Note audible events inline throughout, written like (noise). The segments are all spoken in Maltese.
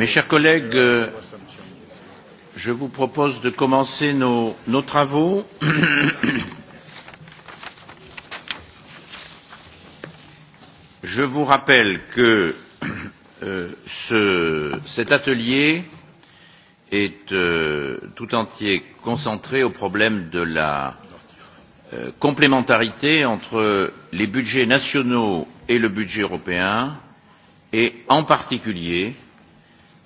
Mes chers collègues, euh, je vous propose de commencer nos, nos travaux. je vous rappelle que euh, ce, cet atelier est euh, tout entier concentré au problème de la euh, complémentarité entre les budgets nationaux et le budget européen et en particulier euh,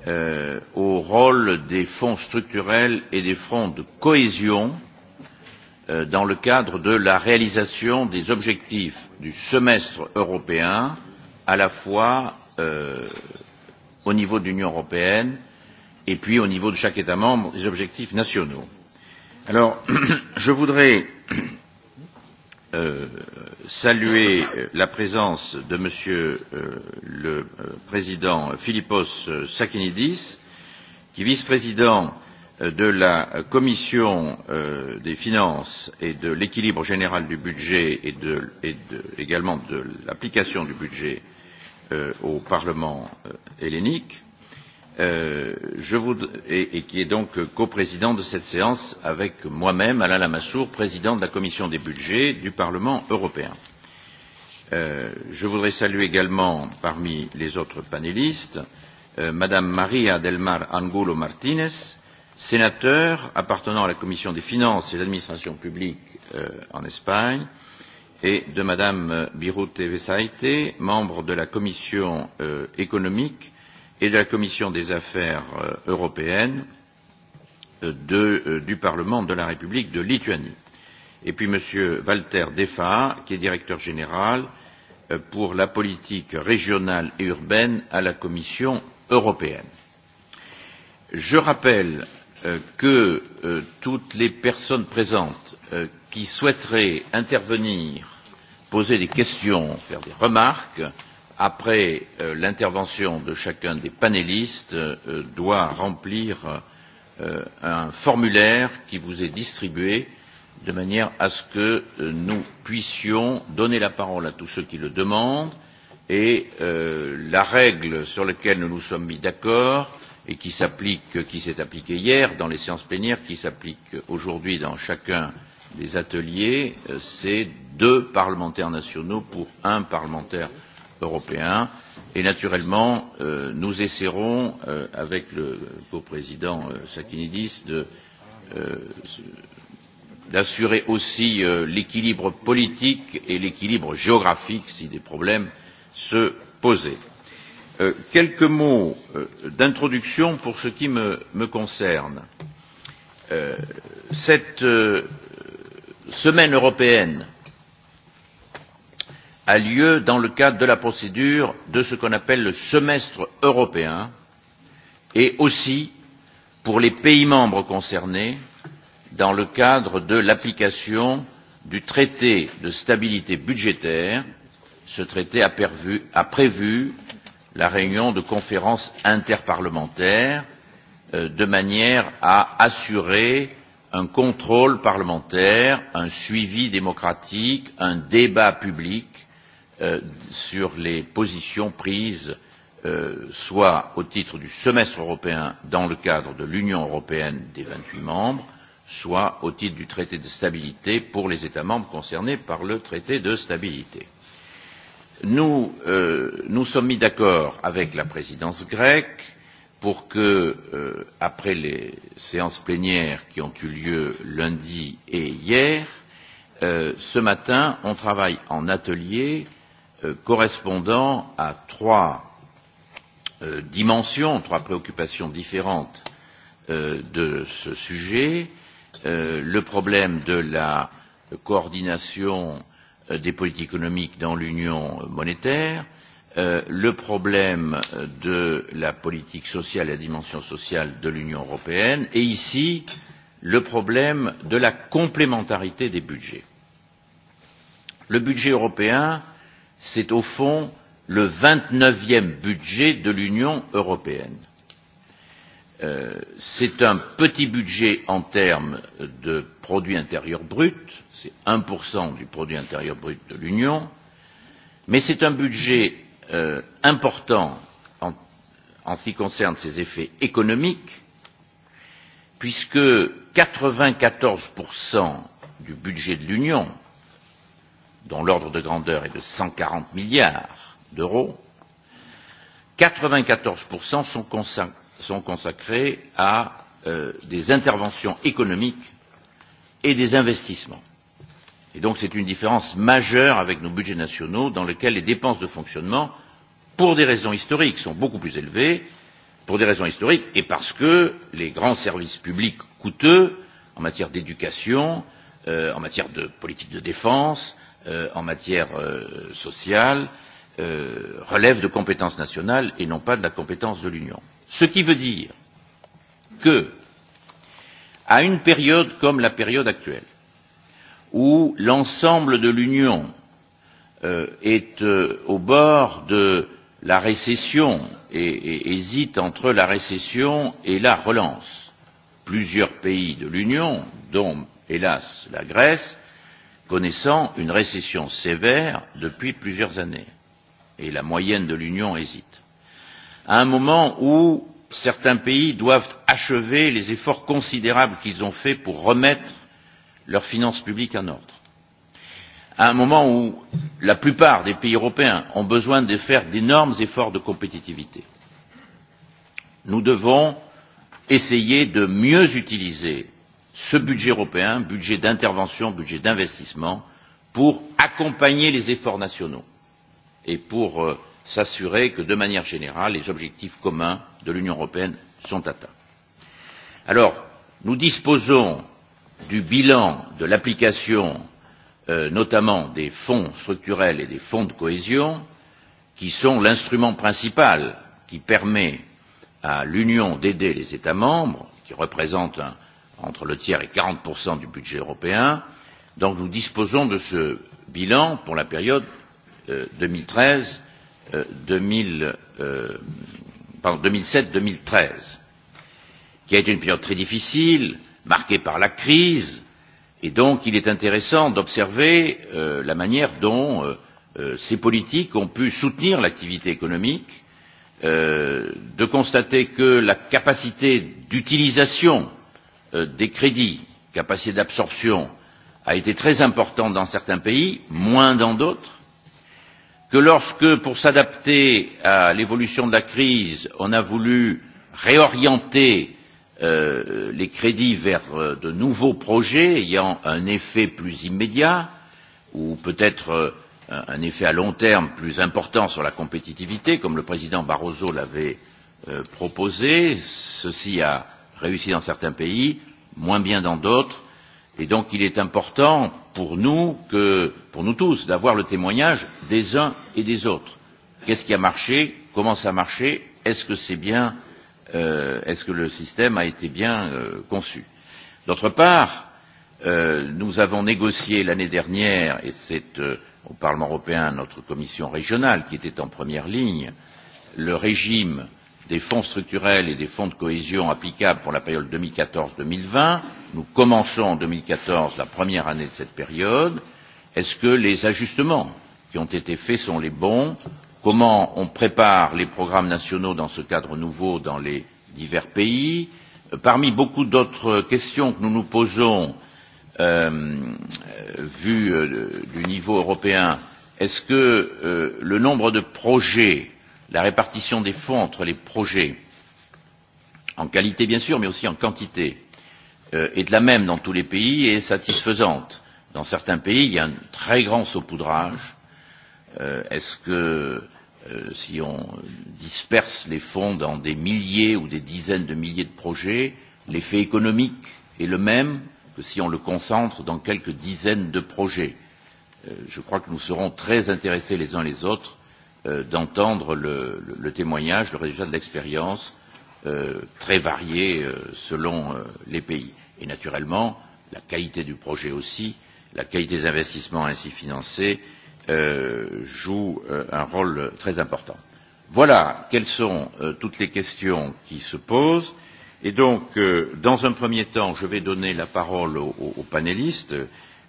euh, au rôle des fonds structurels et des fonds de cohésion euh, dans le cadre de la réalisation des objectifs du semestre européen, à la fois euh, au niveau de l'Union européenne et puis au niveau de chaque État membre des objectifs nationaux. Alors, (clears throat) je voudrais Euh, saluer euh, la présence de Monsieur euh, le euh, Président Philippos Sakinidis, qui est vice-président de la Commission euh, des finances et de l'équilibre général du budget et, de, et de, également de l'application du budget euh, au Parlement euh, hellénique, Euh, je vous, et, et qui est donc coprésident de cette séance avec moi-même, Alain Lamassoure, président de la commission des budgets du Parlement européen. Euh, je voudrais saluer également parmi les autres panélistes euh, Madame Maria Delmar Angulo Martinez, sénateur appartenant à la commission des finances et de l'administration publique euh, en Espagne, et de Madame Birute Vesaite, membre de la commission euh, économique et de la Commission des affaires euh, européennes euh, de, euh, du Parlement de la République de Lituanie. Et puis M. Walter Defa, qui est directeur général pour la politique régionale et urbaine à la Commission européenne. Je rappelle que toutes les personnes présentes qui souhaiteraient intervenir, poser des questions, faire des remarques, après euh, l'intervention de chacun des panélistes, euh, doit remplir euh, un formulaire qui vous est distribué de manière à ce que euh, nous puissions donner la parole à tous ceux qui le demandent et euh, la règle sur laquelle nous nous sommes mis d'accord et qui s'applique, qui s'est appliquée hier dans les séances plénières, qui s'applique aujourd'hui dans chacun des ateliers, euh, c'est deux parlementaires nationaux pour un parlementaire européen. Et naturellement, euh, nous essaierons, euh, avec le coprésident euh, Sakinidis, d'assurer euh, d'assurer aussi euh, l'équilibre politique et l'équilibre géographique si des problèmes se posaient. Euh, quelques mots euh, d'introduction pour ce qui me, me concerne. Euh, cette euh, semaine européenne a lieu dans le cadre de la procédure de ce qu'on appelle le semestre européen et aussi pour les pays membres concernés dans le cadre de l'application du traité de stabilité budgétaire. Ce traité a, pervu, a prévu la réunion de conférences interparlementaires euh, de manière à assurer un contrôle parlementaire, un suivi démocratique, un débat public Euh, sur les positions prises euh, soit au titre du semestre européen dans le cadre de l'Union européenne des 28 membres, soit au titre du traité de stabilité pour les États membres concernés par le traité de stabilité. Nous euh, nous sommes mis d'accord avec la présidence grecque pour que, euh, après les séances plénières qui ont eu lieu lundi et hier, euh, ce matin, on travaille en atelier Euh, correspondant à trois euh, dimensions, trois préoccupations différentes euh, de ce sujet. Euh, le problème de la coordination euh, des politiques économiques dans l'union monétaire, euh, le problème euh, de la politique sociale et la dimension sociale de l'Union européenne, et ici le problème de la complémentarité des budgets. Le budget européen euh, C'est au fond le 29e budget de l'Union européenne. Euh, c'est un petit budget en termes de produit intérieur brut, c'est 1% du produit intérieur brut de l'Union, mais c'est un budget euh, important en, en ce qui concerne ses effets économiques, puisque 94% du budget de l'Union dont l'ordre de grandeur est de 140 milliards d'euros, 94% sont, consac sont consacrés à euh, des interventions économiques et des investissements. Et donc c'est une différence majeure avec nos budgets nationaux dans lesquels les dépenses de fonctionnement, pour des raisons historiques, sont beaucoup plus élevées, pour des raisons historiques et parce que les grands services publics coûteux en matière d'éducation, euh, en matière de politique de défense, euh, en matière euh, sociale euh, relève de compétences nationales et non pas de la compétence de l'Union. Ce qui veut dire que, à une période comme la période actuelle, où l'ensemble de l'Union euh, est euh, au bord de la récession et, et hésite entre la récession et la relance. Plusieurs pays de l'Union, dont hélas la Grèce, connaissant une récession sévère depuis plusieurs années, et la moyenne de l'Union hésite, à un moment où certains pays doivent achever les efforts considérables qu'ils ont faits pour remettre leurs finances publiques en ordre, à un moment où la plupart des pays européens ont besoin de faire d'énormes efforts de compétitivité. Nous devons essayer de mieux utiliser ce budget européen, budget d'intervention, budget d'investissement, pour accompagner les efforts nationaux et pour euh, s'assurer que, de manière générale, les objectifs communs de l'Union européenne sont atteints. Alors, nous disposons du bilan de l'application euh, notamment des fonds structurels et des fonds de cohésion, qui sont l'instrument principal qui permet à l'Union d'aider les États membres, qui représente un entre le tiers et 40% du budget européen. Donc nous disposons de ce bilan pour la période euh, 2013, euh, euh, 2007-2013, qui a été une période très difficile, marquée par la crise, et donc il est intéressant d'observer euh, la manière dont euh, euh, ces politiques ont pu soutenir l'activité économique, euh, de constater que la capacité d'utilisation Euh, des crédits, capacité d'absorption, a été très importante dans certains pays, moins dans d'autres, que lorsque, pour s'adapter à l'évolution de la crise, on a voulu réorienter euh, les crédits vers euh, de nouveaux projets ayant un effet plus immédiat ou peut-être euh, un effet à long terme plus important sur la compétitivité, comme le président Barroso l'avait euh, proposé. Ceci a réussi dans certains pays, moins bien dans d'autres. Et donc il est important pour nous, que, pour nous tous d'avoir le témoignage des uns et des autres. Qu'est-ce qui a marché Comment ça a marché Est-ce que c'est bien euh, Est-ce que le système a été bien euh, conçu D'autre part, euh, nous avons négocié l'année dernière, et c'est euh, au Parlement européen notre commission régionale qui était en première ligne, le régime euh, des fonds structurels et des fonds de cohésion applicables pour la période 2014-2020. Nous commençons en 2014 la première année de cette période. Est-ce que les ajustements qui ont été faits sont les bons Comment on prépare les programmes nationaux dans ce cadre nouveau dans les divers pays euh, Parmi beaucoup d'autres questions que nous nous posons, euh, euh, vu euh, du niveau européen, est-ce que euh, le nombre de projets la répartition des fonds entre les projets, en qualité bien sûr, mais aussi en quantité, euh, est la même dans tous les pays et est satisfaisante. Dans certains pays, il y a un très grand saupoudrage. Euh, Est-ce que euh, si on disperse les fonds dans des milliers ou des dizaines de milliers de projets, l'effet économique est le même que si on le concentre dans quelques dizaines de projets. Euh, je crois que nous serons très intéressés les uns les autres Euh, d'entendre le, le, le témoignage, le résultat de l'expérience euh, très variée euh, selon euh, les pays. Et naturellement, la qualité du projet aussi, la qualité des investissements ainsi financés euh, joue euh, un rôle très important. Voilà quelles sont euh, toutes les questions qui se posent. Et donc, euh, dans un premier temps, je vais donner la parole aux, aux panélistes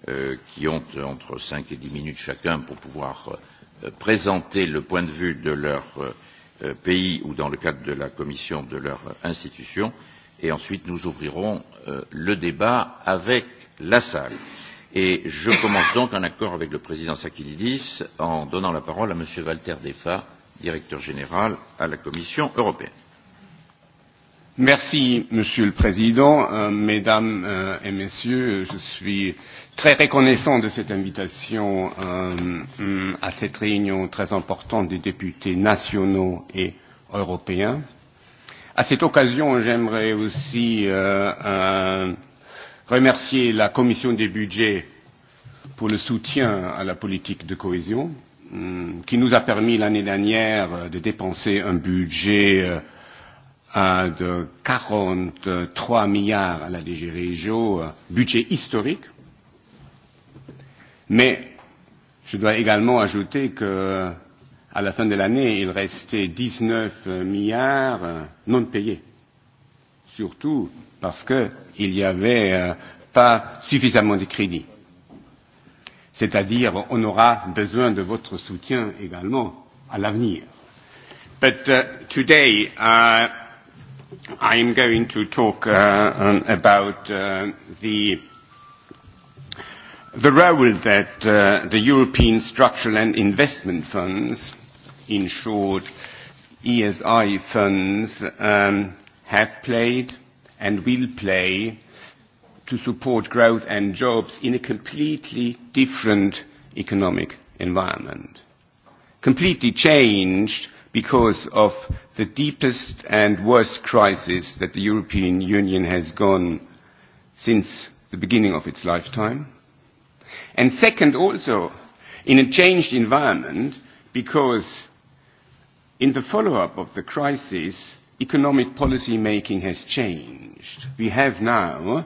euh, qui ont entre 5 et 10 minutes chacun pour pouvoir euh, Euh, présenter le point de vue de leur euh, euh, pays ou dans le cadre de la commission de leur institution et ensuite nous ouvrirons le débat avec la salle. Et je commence donc en accord avec le président Sakilidis en donnant la parole à M. Walter Defa, directeur général à la Commission européenne. Merci, Monsieur le Président. Euh, mesdames euh, et Messieurs, je suis très reconnaissant de cette invitation euh, à cette réunion très importante des députés nationaux et européens. À cette occasion, j'aimerais aussi euh, euh, remercier la Commission des budgets pour le soutien à la politique de cohésion, euh, qui nous a permis l'année dernière de dépenser un budget euh, Euh, de 43 milliards à la DG Régio, euh, budget historique. Mais je dois également ajouter que euh, à la fin de l'année, il restait 19 milliards non payés. Surtout parce qu'il n'y avait pas suffisamment de crédits. C'est-à-dire, on aura besoin de votre soutien également à l'avenir. But uh, today, uh, I am going to talk uh, um, about uh, the the role that uh, the European Structural and Investment Funds, in short ESI funds, um, have played and will play to support growth and jobs in a completely different economic environment. Completely changed because of the deepest and worst crisis that the European Union has gone since the beginning of its lifetime. And second, also in a changed environment because in the follow-up of the crisis, economic policy making has changed. We have now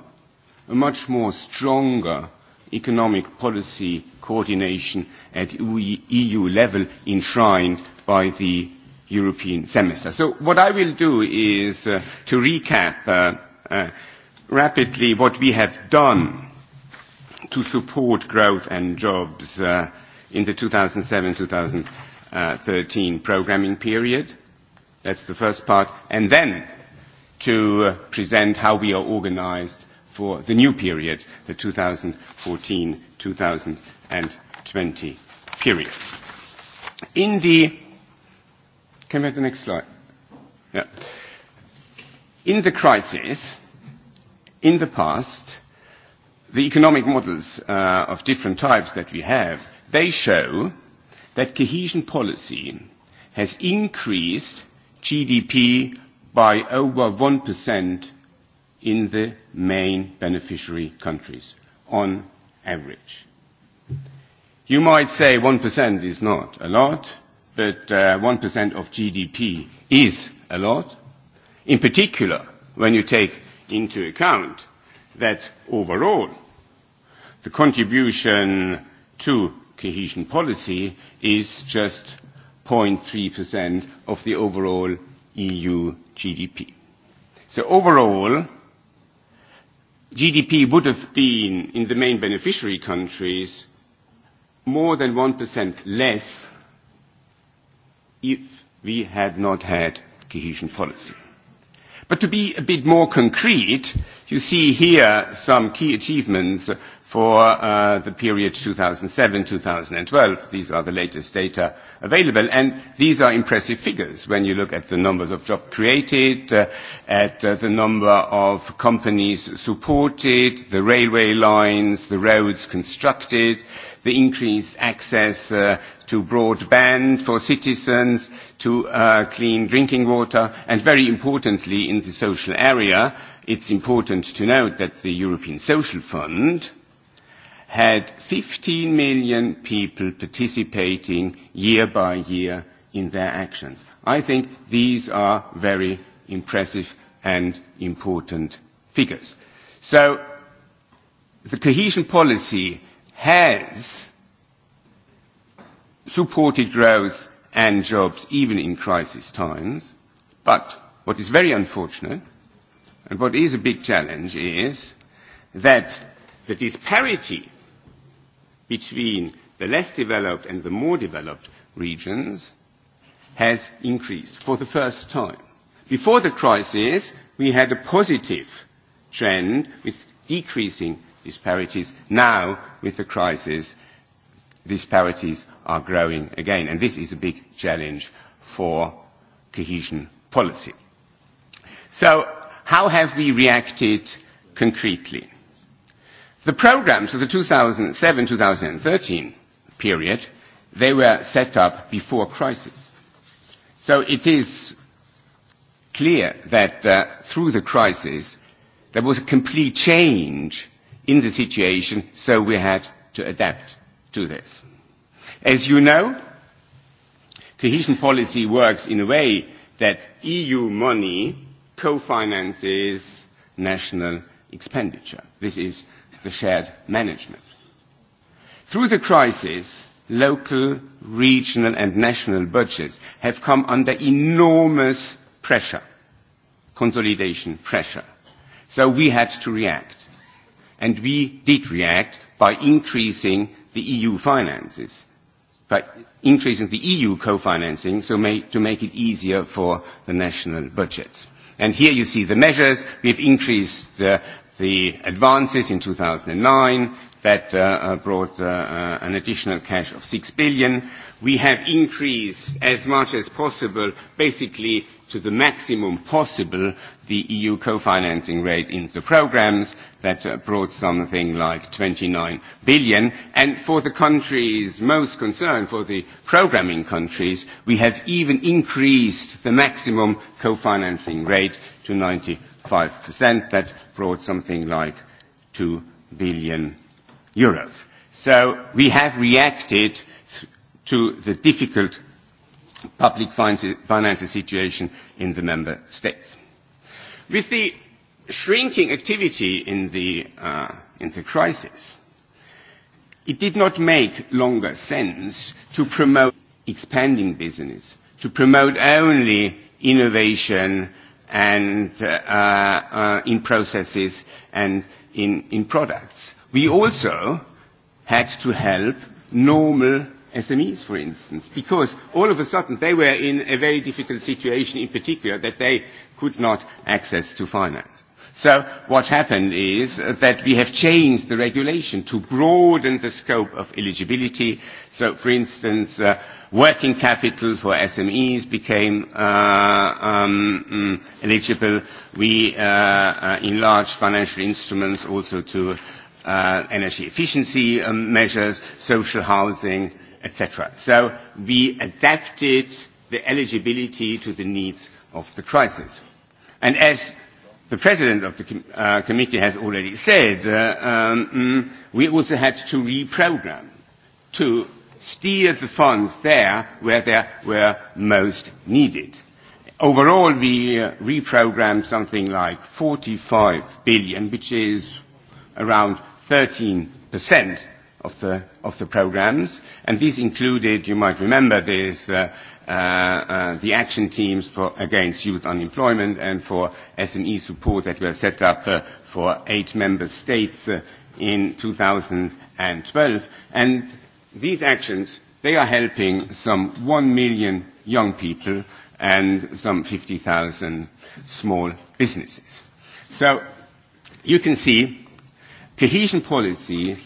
a much more stronger economic policy coordination at EU e, e level enshrined by the European semester. So what I will do is uh, to recap uh, uh, rapidly what we have done to support growth and jobs uh, in the 2007-2013 programming period. That's the first part. And then to uh, present how we are organized for the new period, the 2014-2020 period. In the Can we have the next slide? Yeah. In the crisis, in the past, the economic models uh, of different types that we have, they show that cohesion policy has increased GDP by over 1% in the main beneficiary countries on average. You might say 1% is not a lot, but uh, 1% of GDP is a lot, in particular when you take into account that overall the contribution to cohesion policy is just 0.3% of the overall EU GDP. So overall, GDP would have been in the main beneficiary countries more than 1% less if we had not had cohesion policy. But to be a bit more concrete, you see here some key achievements for uh, the period 2007-2012. These are the latest data available, and these are impressive figures when you look at the numbers of jobs created, uh, at uh, the number of companies supported, the railway lines, the roads constructed, the increased access uh, to broadband for citizens, to uh, clean drinking water, and very importantly in the social area, it's important to note that the European Social Fund had 15 million people participating year by year in their actions. I think these are very impressive and important figures. So the cohesion policy has supported growth and jobs even in crisis times, but what is very unfortunate and what is a big challenge is that the disparity between the less developed and the more developed regions has increased for the first time. Before the crisis, we had a positive trend with decreasing disparities. Now, with the crisis, disparities are growing again, and this is a big challenge for cohesion policy. So, how have we reacted concretely? The programs of the 2007-2013 period, they were set up before crisis. So it is clear that uh, through the crisis there was a complete change in the situation, so we had to adapt to this. As you know, cohesion policy works in a way that EU money co-finances national expenditure. This is the shared management. Through the crisis, local, regional and national budgets have come under enormous pressure, consolidation pressure. So we had to react. And we did react by increasing the EU finances, by increasing the EU co-financing so may, to make it easier for the national budgets. And here you see the measures. We've increased uh, the advances in 2009 that uh, uh, brought uh, uh, an additional cash of 6 billion. We have increased as much as possible basically to the maximum possible the EU co-financing rate in the programs that uh, brought something like 29 billion. And for the countries most concerned, for the programming countries, we have even increased the maximum co-financing rate to 95%. That brought something like 2 billion euros. So we have reacted to the difficult public financial situation in the member states. With the shrinking activity in the, uh, in the crisis, it did not make longer sense to promote expanding business, to promote only innovation and uh, uh, in processes and in, in products. We also had to help normal SMEs, for instance, because all of a sudden they were in a very difficult situation in particular that they could not access to finance. So what happened is that we have changed the regulation to broaden the scope of eligibility. So, for instance, uh, working capital for SMEs became uh, um, mm, eligible. We uh, uh, enlarged financial instruments also to uh, energy efficiency um, measures, social housing, etc. So we adapted the eligibility to the needs of the crisis. And as the president of the com uh, committee has already said, uh, um, mm, we also had to reprogram to steer the funds there where they were most needed. Overall, we uh, reprogrammed something like 45 billion, which is around 13 percent of the, of the programs. And these included, you might remember this, uh, uh, uh, the action teams for, against youth unemployment and for SME support that were set up uh, for eight member states uh, in 2012. And these actions, they are helping some one million young people and some 50,000 small businesses. So you can see cohesion policy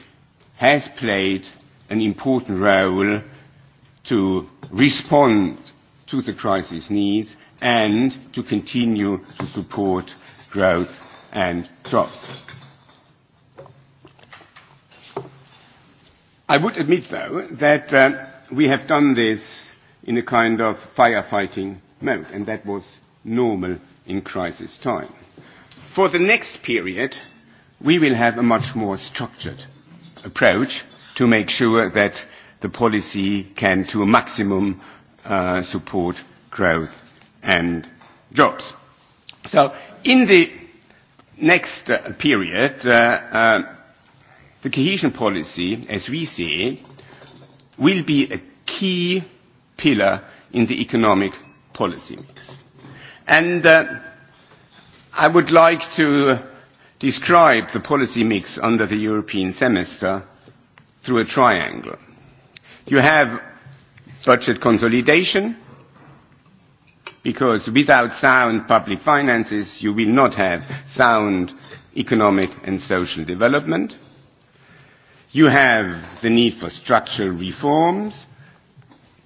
has played an important role to respond to the crisis needs and to continue to support growth and jobs. I would admit, though, that uh, we have done this in a kind of firefighting mode, and that was normal in crisis time. For the next period, we will have a much more structured approach to make sure that the policy can to a maximum uh, support growth and jobs. So in the next uh, period, uh, uh, the cohesion policy, as we see it, will be a key pillar in the economic policy mix. And uh, I would like to describe the policy mix under the European semester through a triangle. You have budget consolidation, because without sound public finances you will not have sound economic and social development. You have the need for structural reforms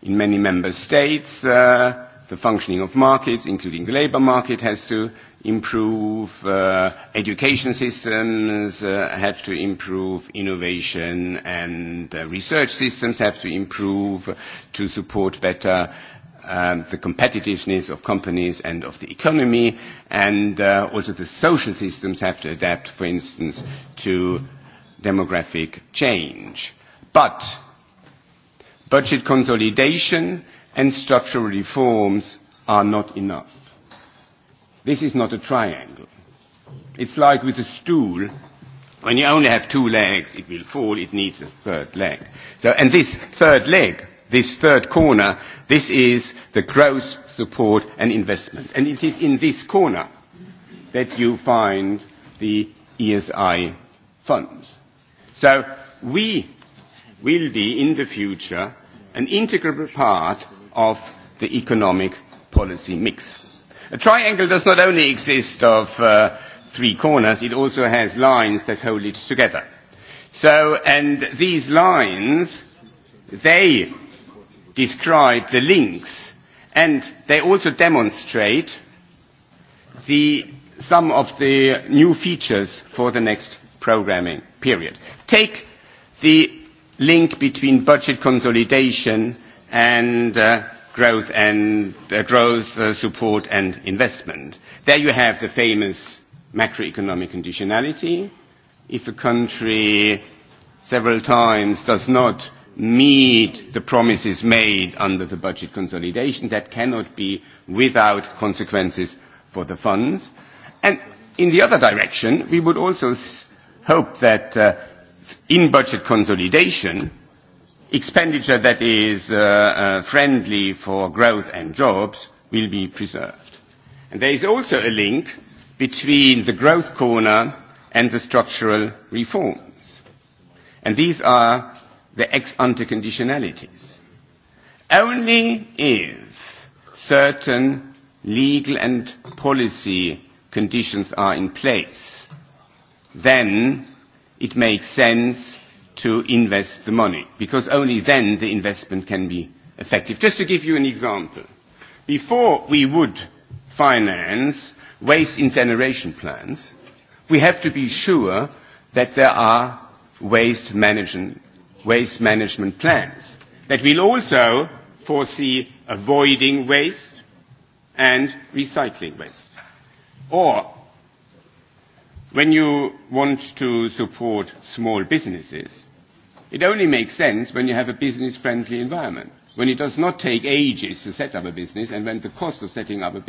in many member states. Uh, the functioning of markets, including the labour market, has to improve uh, education systems, uh, have to improve innovation and uh, research systems, have to improve to support better um, the competitiveness of companies and of the economy, and uh, also the social systems have to adapt, for instance, to demographic change. But budget consolidation and structural reforms are not enough This is not a triangle. It's like with a stool. When you only have two legs, it will fall. It needs a third leg. So, and this third leg, this third corner, this is the growth, support and investment. And it is in this corner that you find the ESI funds. So we will be in the future an integral part of the economic policy mix. A triangle does not only exist of uh, three corners, it also has lines that hold it together. So, and these lines, they describe the links, and they also demonstrate the, some of the new features for the next programming period. Take the link between budget consolidation and uh, growth and uh, growth uh, support and investment. There you have the famous macroeconomic conditionality. If a country several times does not meet the promises made under the budget consolidation, that cannot be without consequences for the funds. And in the other direction, we would also hope that uh, in budget consolidation, expenditure that is uh, uh, friendly for growth and jobs will be preserved. And there is also a link between the growth corner and the structural reforms. And these are the ex-ante conditionalities. Only if certain legal and policy conditions are in place, then it makes sense to invest the money, because only then the investment can be effective. Just to give you an example, before we would finance waste incineration plants, we have to be sure that there are waste management, waste management plans that will also foresee avoiding waste and recycling waste. Or when you want to support small businesses, It only makes sense when you have a business-friendly environment, when it does not take ages to set up a business and when the cost of setting up a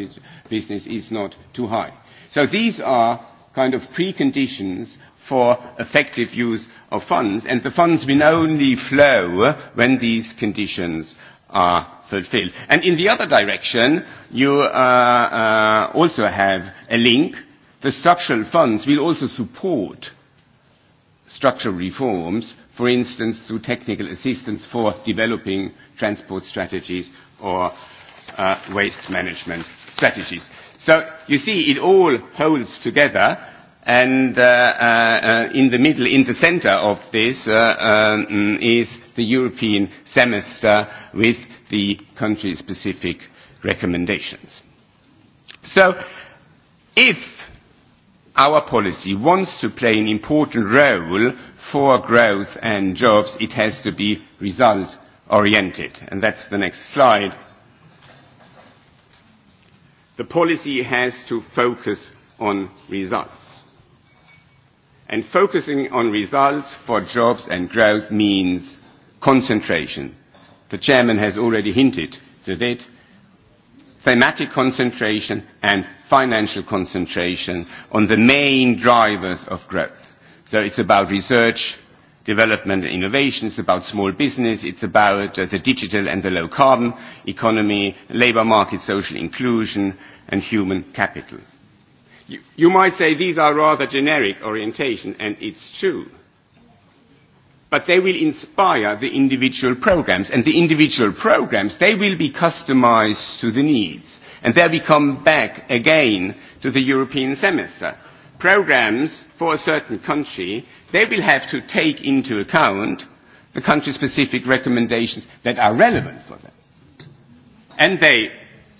business is not too high. So these are kind of preconditions for effective use of funds, and the funds will only flow when these conditions are fulfilled. And in the other direction, you uh, uh, also have a link. The structural funds will also support structural reforms for instance, through technical assistance for developing transport strategies or uh, waste management strategies. So you see, it all holds together, and uh, uh, uh, in the middle, in the center of this, uh, um, is the European semester with the country-specific recommendations. So if our policy wants to play an important role for growth and jobs, it has to be result-oriented. And that's the next slide. The policy has to focus on results. And focusing on results for jobs and growth means concentration. The chairman has already hinted to that. Thematic concentration and financial concentration on the main drivers of growth. So it's about research, development and innovation, it's about small business, it's about uh, the digital and the low carbon economy, labor market, social inclusion and human capital. You, you might say these are rather generic orientation and it's true. But they will inspire the individual programs and the individual programs, they will be customized to the needs. And there we come back again to the European semester programs for a certain country, they will have to take into account the country-specific recommendations that are relevant for them. And they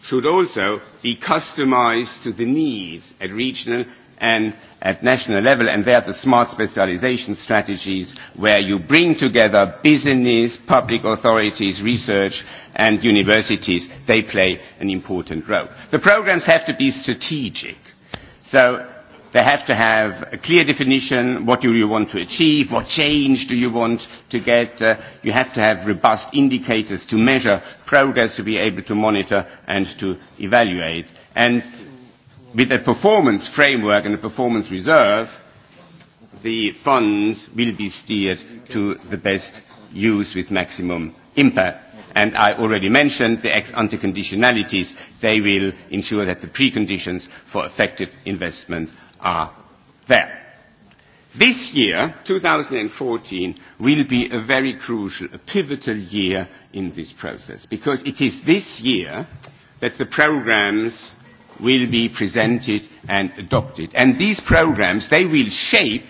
should also be customized to the needs at regional and at national level, and they are the smart specialization strategies where you bring together business, public authorities, research, and universities. They play an important role. The programs have to be strategic. So They have to have a clear definition, what do you want to achieve, what change do you want to get. Uh, you have to have robust indicators to measure progress, to be able to monitor and to evaluate. And with a performance framework and a performance reserve, the funds will be steered to the best use with maximum impact. And I already mentioned the ex-ante conditionalities. They will ensure that the preconditions for effective investment are there. This year, 2014, will be a very crucial, a pivotal year in this process because it is this year that the programs will be presented and adopted. And these programs, they will shape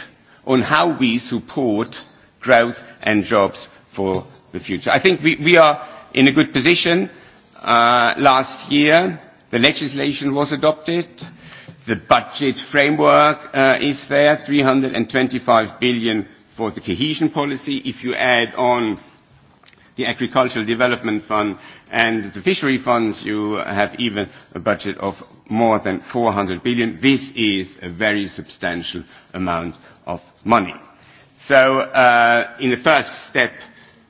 on how we support growth and jobs for the future. I think we, we are in a good position. Uh, last year, the legislation was adopted. The budget framework uh, is there, 325 billion for the cohesion policy. If you add on the agricultural development fund and the fishery funds, you have even a budget of more than 400 billion. This is a very substantial amount of money. So uh, in the first step,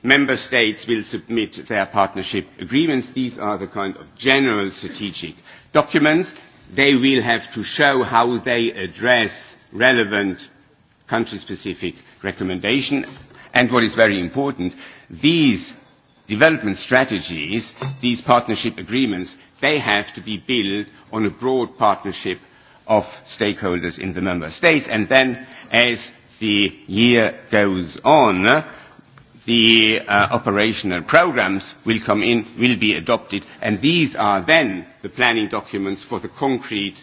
member states will submit their partnership agreements. These are the kind of general strategic documents they will have to show how they address relevant country-specific recommendations. And what is very important, these development strategies, these partnership agreements, they have to be built on a broad partnership of stakeholders in the member states. And then as the year goes on, the uh, operational programs will come in, will be adopted, and these are then the planning documents for the concrete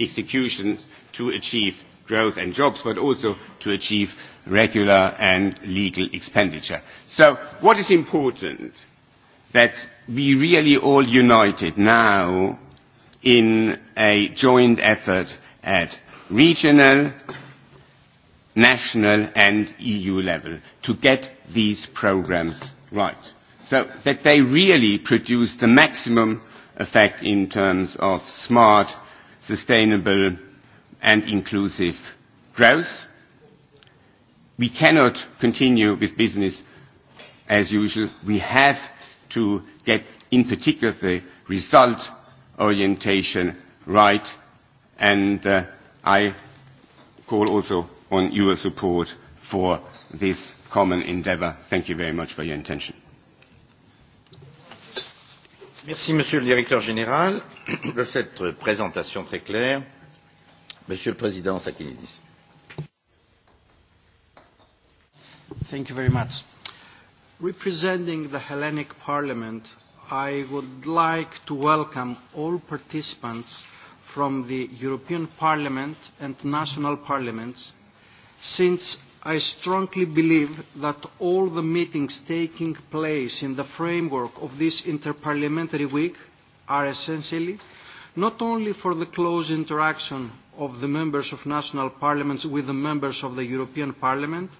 execution to achieve growth and jobs, but also to achieve regular and legal expenditure. So what is important that we really all united now in a joint effort at regional, national and EU level to get these programs right so that they really produce the maximum effect in terms of smart, sustainable and inclusive growth. We cannot continue with business as usual. We have to get in particular the result orientation right and uh, I call also on your support for this common endeavour. Thank you very much for your attention. Merci, Monsieur le Directeur Général, (coughs) de cette présentation très claire. Monsieur le Président Sakinidis. Thank you very much. Representing the Hellenic Parliament, I would like to welcome all participants from the European Parliament and national parliaments since I strongly believe that all the meetings taking place in the framework of this interparliamentary week are essentially not only for the close interaction of the members of national parliaments with the members of the European Parliament,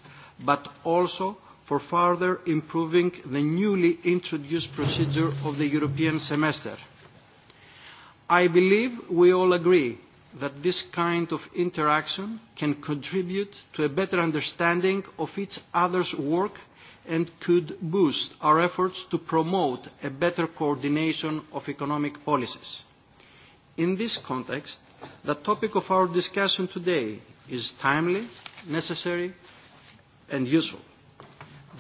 but also for further improving the newly introduced procedure of the European semester. I believe we all agree that this kind of interaction can contribute to a better understanding of each other's work and could boost our efforts to promote a better coordination of economic policies. In this context, the topic of our discussion today is timely, necessary and useful.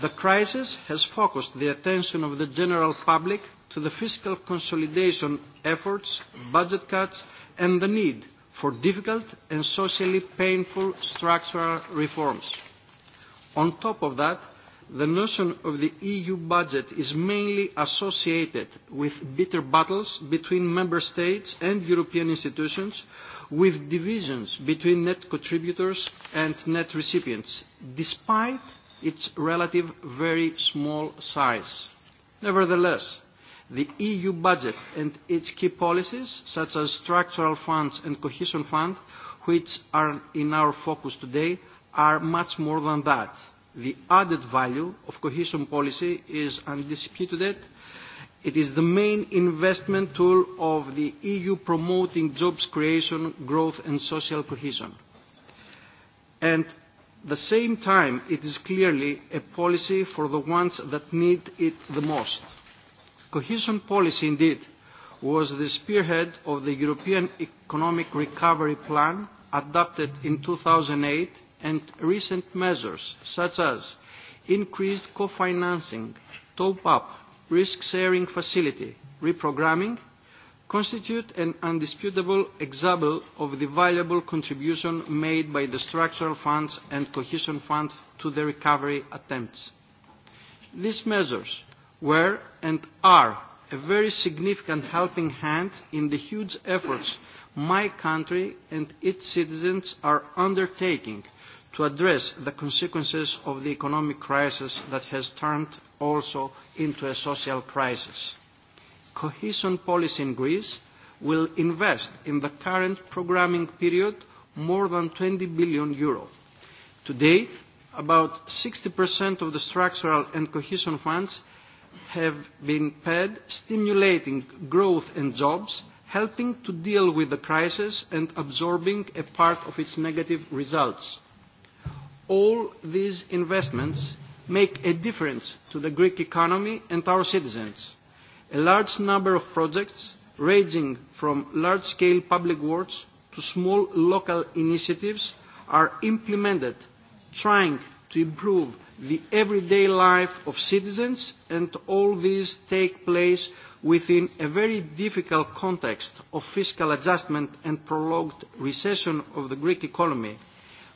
The crisis has focused the attention of the general public to the fiscal consolidation efforts, budget cuts and the need for difficult and socially painful structural reforms. On top of that, the notion of the EU budget is mainly associated with bitter battles between member states and European institutions, with divisions between net contributors and net recipients, despite its relative very small size. Nevertheless, the EU budget and its key policies, such as structural funds and cohesion fund, which are in our focus today, are much more than that. The added value of cohesion policy is undisputed. It is the main investment tool of the EU promoting jobs creation, growth and social cohesion. And the same time, it is clearly a policy for the ones that need it the most. Cohesion policy indeed was the spearhead of the European Economic Recovery Plan adopted in 2008 and recent measures such as increased co-financing, top-up, risk-sharing facility, reprogramming, constitute an undisputable example of the valuable contribution made by the structural funds and cohesion fund to the recovery attempts. These measures were and are a very significant helping hand in the huge efforts my country and its citizens are undertaking to address the consequences of the economic crisis that has turned also into a social crisis. Cohesion policy in Greece will invest in the current programming period more than 20 billion euro. To date, about 60% of the structural and cohesion funds have been paid, stimulating growth and jobs, helping to deal with the crisis and absorbing a part of its negative results. All these investments make a difference to the Greek economy and our citizens. A large number of projects, ranging from large-scale public works to small local initiatives, are implemented, trying to improve the everyday life of citizens and all these take place within a very difficult context of fiscal adjustment and prolonged recession of the Greek economy.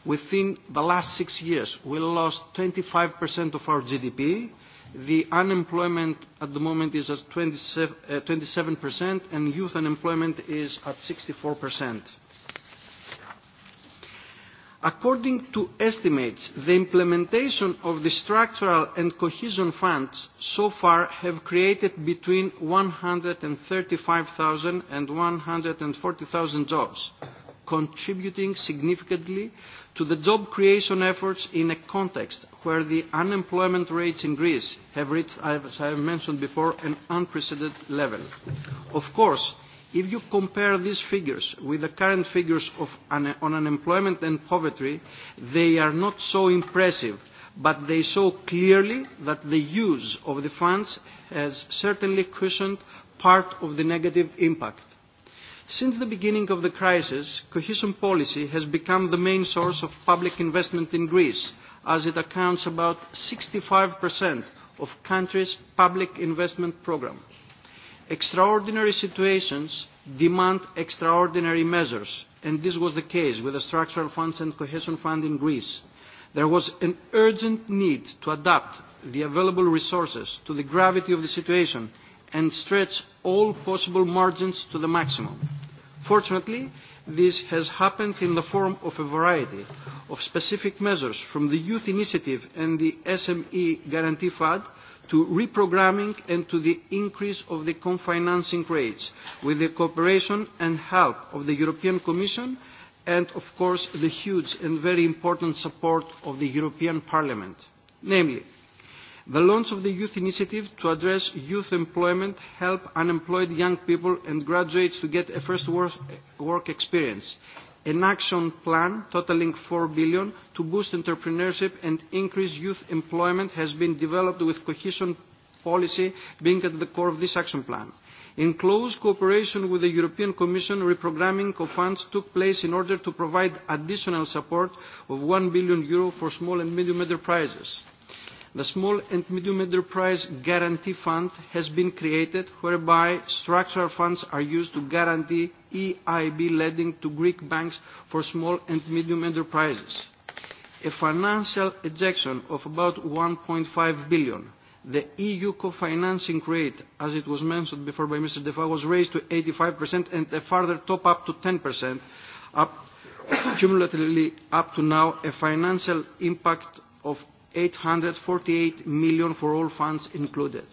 Within the last six years, we lost 25% of our GDP. The unemployment at the moment is at 27%, uh, and youth unemployment is at 64%. According to estimates, the implementation of the structural and cohesion funds so far have created between 135,000 and 140,000 jobs, contributing significantly to the job creation efforts in a context where the unemployment rates in Greece have reached, as I have mentioned before, an unprecedented level. Of course, If you compare these figures with the current figures of un on unemployment and poverty, they are not so impressive, but they show clearly that the use of the funds has certainly cushioned part of the negative impact. Since the beginning of the crisis, cohesion policy has become the main source of public investment in Greece, as it accounts about 65% of country's public investment programme. Extraordinary situations demand extraordinary measures, and this was the case with the structural funds and cohesion fund in Greece. There was an urgent need to adapt the available resources to the gravity of the situation and stretch all possible margins to the maximum. Fortunately, this has happened in the form of a variety of specific measures from the Youth Initiative and the SME Guarantee Fund to reprogramming and to the increase of the co-financing rates with the cooperation and help of the European Commission and of course the huge and very important support of the European Parliament. Namely, the launch of the Youth Initiative to address youth employment, help unemployed young people and graduates to get a first work experience, an action plan totaling 4 billion to boost entrepreneurship and increase youth employment has been developed with cohesion policy being at the core of this action plan. In close cooperation with the European Commission, reprogramming of funds took place in order to provide additional support of 1 billion euro for small and medium enterprises the Small and Medium Enterprise Guarantee Fund has been created whereby structural funds are used to guarantee EIB lending to Greek banks for small and medium enterprises. A financial ejection of about 1.5 billion the EU co-financing rate, as it was mentioned before by Mr. Defa, was raised to 85% and a further top-up to 10%, up, (coughs) cumulatively up to now, a financial impact of 848 million for all funds included.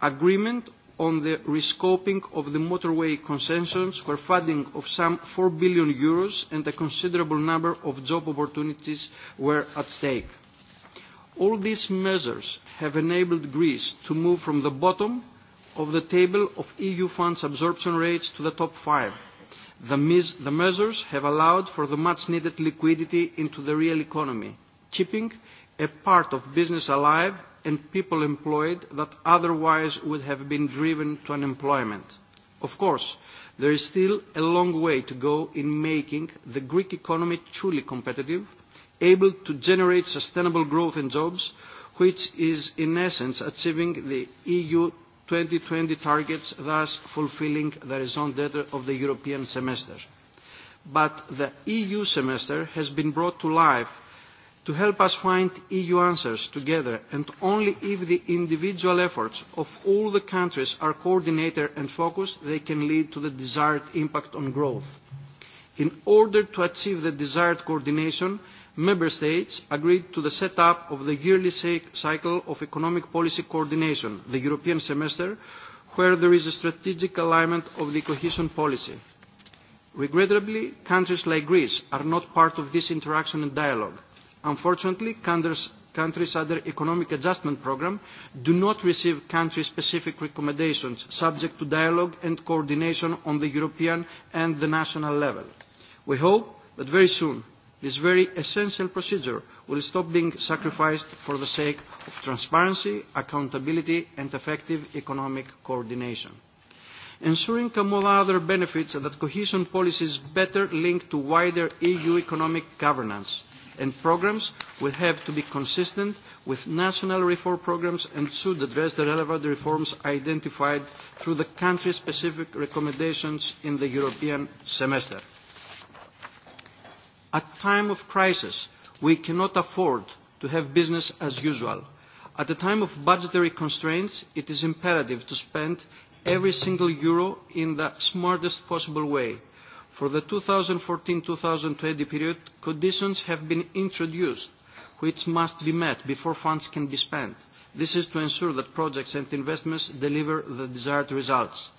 Agreement on the rescoping of the motorway concessions where funding of some 4 billion euros and a considerable number of job opportunities were at stake. All these measures have enabled Greece to move from the bottom of the table of EU funds absorption rates to the top five. The, the measures have allowed for the much needed liquidity into the real economy, chipping a part of business alive and people employed that otherwise would have been driven to unemployment. Of course, there is still a long way to go in making the Greek economy truly competitive, able to generate sustainable growth and jobs, which is in essence achieving the EU 2020 targets, thus fulfilling the raison d'etre of the European semester. But the EU semester has been brought to life to help us find EU answers together and only if the individual efforts of all the countries are coordinated and focused they can lead to the desired impact on growth. In order to achieve the desired coordination, Member States agreed to the set-up of the yearly cycle of economic policy coordination, the European semester, where there is a strategic alignment of the cohesion policy. Regrettably, countries like Greece are not part of this interaction and dialogue. Unfortunately, countries, countries under economic adjustment program do not receive country-specific recommendations subject to dialogue and coordination on the European and the national level. We hope that very soon this very essential procedure will stop being sacrificed for the sake of transparency, accountability and effective economic coordination. Ensuring among other benefits that cohesion policy is better linked to wider EU economic governance and programs will have to be consistent with national reform programs and should address the relevant reforms identified through the country-specific recommendations in the European semester. At time of crisis, we cannot afford to have business as usual. At a time of budgetary constraints, it is imperative to spend every single euro in the smartest possible way – For the 2014-2020 period, conditions have been introduced which must be met before funds can be spent. This is to ensure that projects and investments deliver the desired results.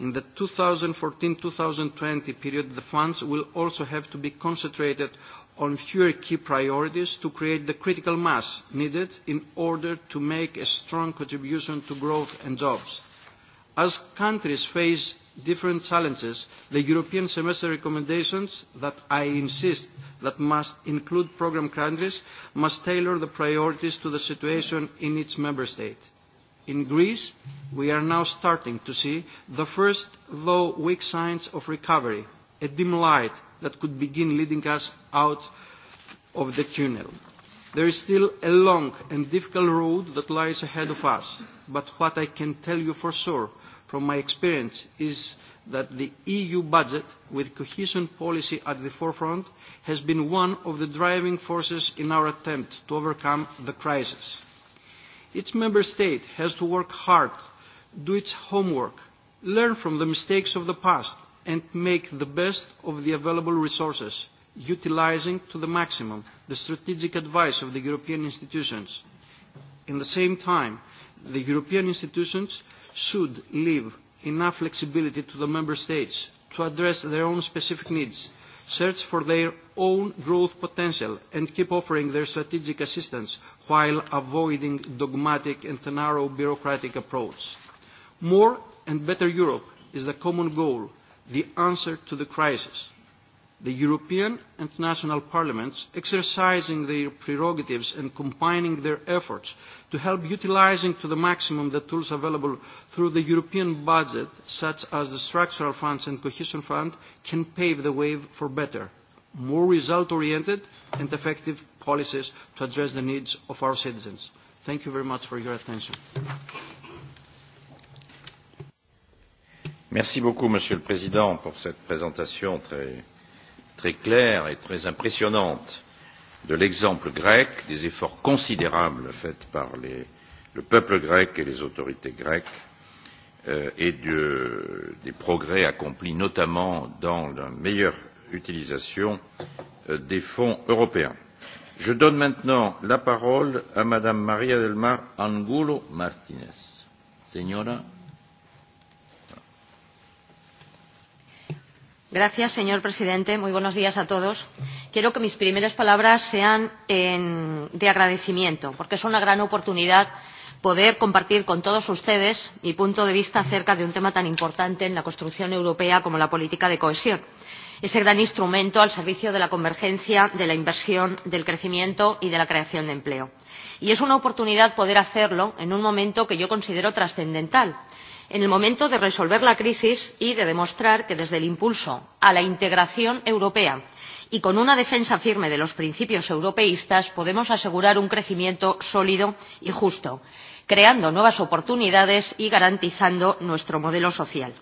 In the 2014-2020 period, the funds will also have to be concentrated on fewer key priorities to create the critical mass needed in order to make a strong contribution to growth and jobs. As countries face different challenges, the European semester recommendations that I insist that must include programme countries must tailor the priorities to the situation in each member state. In Greece, we are now starting to see the first, though weak signs of recovery, a dim light that could begin leading us out of the tunnel. There is still a long and difficult road that lies ahead of us, but what I can tell you for sure from my experience is that the EU budget, with cohesion policy at the forefront, has been one of the driving forces in our attempt to overcome the crisis. Each member state has to work hard, do its homework, learn from the mistakes of the past, and make the best of the available resources, utilizing to the maximum the strategic advice of the European institutions. In the same time, the European institutions should leave enough flexibility to the Member States to address their own specific needs, search for their own growth potential, and keep offering their strategic assistance while avoiding dogmatic and narrow bureaucratic approach. More and better Europe is the common goal, the answer to the crisis the European and national parliaments exercising their prerogatives and combining their efforts to help utilizing to the maximum the tools available through the European budget, such as the structural funds and cohesion fund, can pave the way for better, more result-oriented and effective policies to address the needs of our citizens. Thank you very much for your attention. Merci beaucoup, Monsieur le Président, pour cette présentation très très claire et très impressionnante de l'exemple grec, des efforts considérables faits par les, le peuple grec et les autorités grecques, euh, et de, des progrès accomplis notamment dans la meilleure utilisation euh, des fonds européens. Je donne maintenant la parole à Madame Maria del Mar Angulo Martinez. Señora Gracias, señor presidente. Muy buenos días a todos. Quiero que mis primeras palabras sean en, de agradecimiento, porque es una gran oportunidad poder compartir con todos ustedes mi punto de vista acerca de un tema tan importante en la construcción europea como la política de cohesión. Ese gran instrumento al servicio de la convergencia, de la inversión, del crecimiento y de la creación de empleo. Y es una oportunidad poder hacerlo en un momento que yo considero trascendental, en el momento de resolver la crisis y de demostrar que desde el impulso a la integración europea y con una defensa firme de los principios europeístas podemos asegurar un crecimiento sólido y justo, creando nuevas oportunidades y garantizando nuestro modelo social.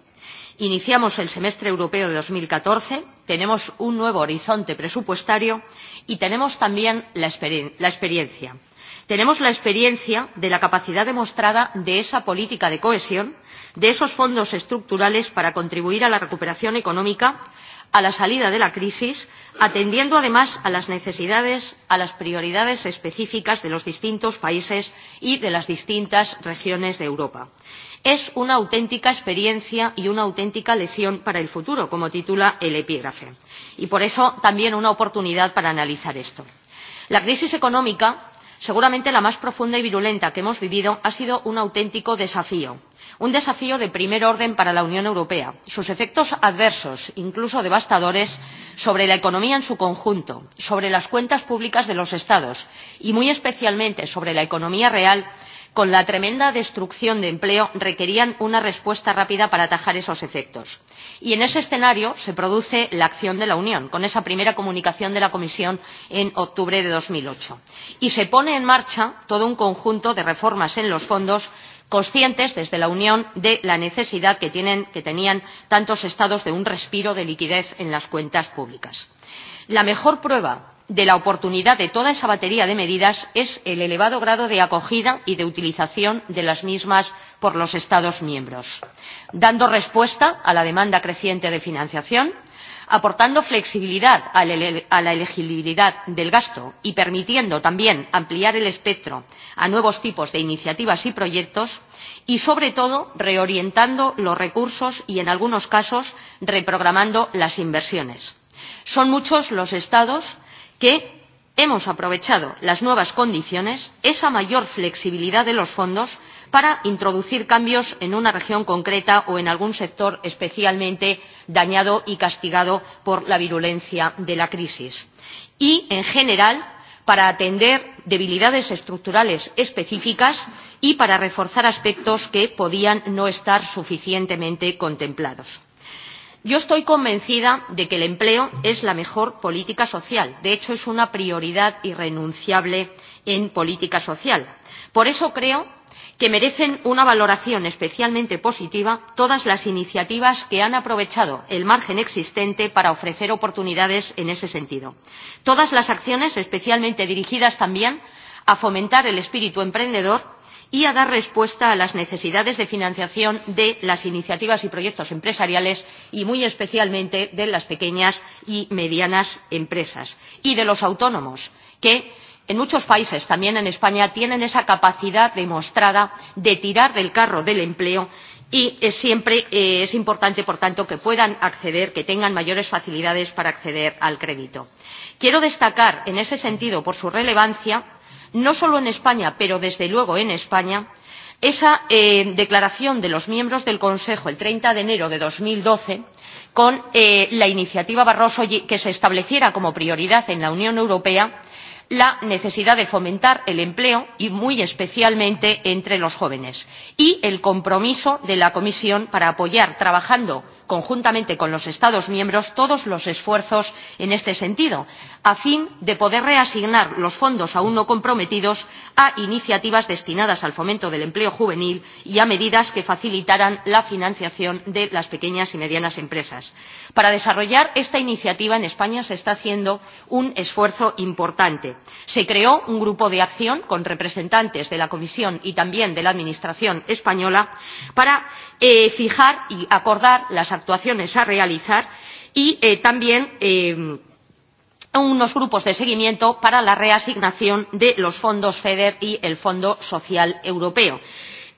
Iniciamos el semestre europeo de 2014, tenemos un nuevo horizonte presupuestario y tenemos también la, experien la experiencia. Tenemos la experiencia de la capacidad demostrada de esa política de cohesión de esos fondos estructurales para contribuir a la recuperación económica, a la salida de la crisis, atendiendo además a las necesidades, a las prioridades específicas de los distintos países y de las distintas regiones de Europa. Es una auténtica experiencia y una auténtica lección para el futuro, como titula el epígrafe. Y por eso también una oportunidad para analizar esto. La crisis económica, seguramente la más profunda y virulenta que hemos vivido, ha sido un auténtico desafío un desafío de primer orden para la Unión Europea. Sus efectos adversos, incluso devastadores, sobre la economía en su conjunto, sobre las cuentas públicas de los Estados y muy especialmente sobre la economía real, con la tremenda destrucción de empleo, requerían una respuesta rápida para atajar esos efectos. Y en ese escenario se produce la acción de la Unión, con esa primera comunicación de la Comisión en octubre de 2008. Y se pone en marcha todo un conjunto de reformas en los fondos conscientes desde la Unión de la necesidad que, tienen, que tenían tantos estados de un respiro de liquidez en las cuentas públicas. La mejor prueba de la oportunidad de toda esa batería de medidas es el elevado grado de acogida y de utilización de las mismas por los Estados miembros, dando respuesta a la demanda creciente de financiación aportando flexibilidad a la elegibilidad del gasto y permitiendo también ampliar el espectro a nuevos tipos de iniciativas y proyectos y, sobre todo, reorientando los recursos y, en algunos casos, reprogramando las inversiones. Son muchos los Estados que hemos aprovechado las nuevas condiciones, esa mayor flexibilidad de los fondos para introducir cambios en una región concreta o en algún sector especialmente dañado y castigado por la virulencia de la crisis. Y, en general, para atender debilidades estructurales específicas y para reforzar aspectos que podían no estar suficientemente contemplados. Yo estoy convencida de que el empleo es la mejor política social. De hecho, es una prioridad irrenunciable en política social. Por eso creo que merecen una valoración especialmente positiva todas las iniciativas que han aprovechado el margen existente para ofrecer oportunidades en ese sentido. Todas las acciones especialmente dirigidas también a fomentar el espíritu emprendedor y a dar respuesta a las necesidades de financiación de las iniciativas y proyectos empresariales y muy especialmente de las pequeñas y medianas empresas y de los autónomos que en muchos países, también en España, tienen esa capacidad demostrada de tirar del carro del empleo y siempre eh, es importante, por tanto, que puedan acceder, que tengan mayores facilidades para acceder al crédito. Quiero destacar, en ese sentido, por su relevancia, no solo en España, pero desde luego en España, esa eh, declaración de los miembros del Consejo el 30 de enero de 2012 con eh, la iniciativa Barroso que se estableciera como prioridad en la Unión Europea la necesidad de fomentar el empleo y muy especialmente entre los jóvenes y el compromiso de la Comisión para apoyar trabajando conjuntamente con los Estados miembros todos los esfuerzos en este sentido, a fin de poder reasignar los fondos aún no comprometidos a iniciativas destinadas al fomento del empleo juvenil y a medidas que facilitaran la financiación de las pequeñas y medianas empresas. Para desarrollar esta iniciativa en España se está haciendo un esfuerzo importante. Se creó un grupo de acción con representantes de la Comisión y también de la Administración española para eh, fijar y acordar las actuaciones a realizar y eh, también eh, unos grupos de seguimiento para la reasignación de los fondos FEDER y el Fondo Social Europeo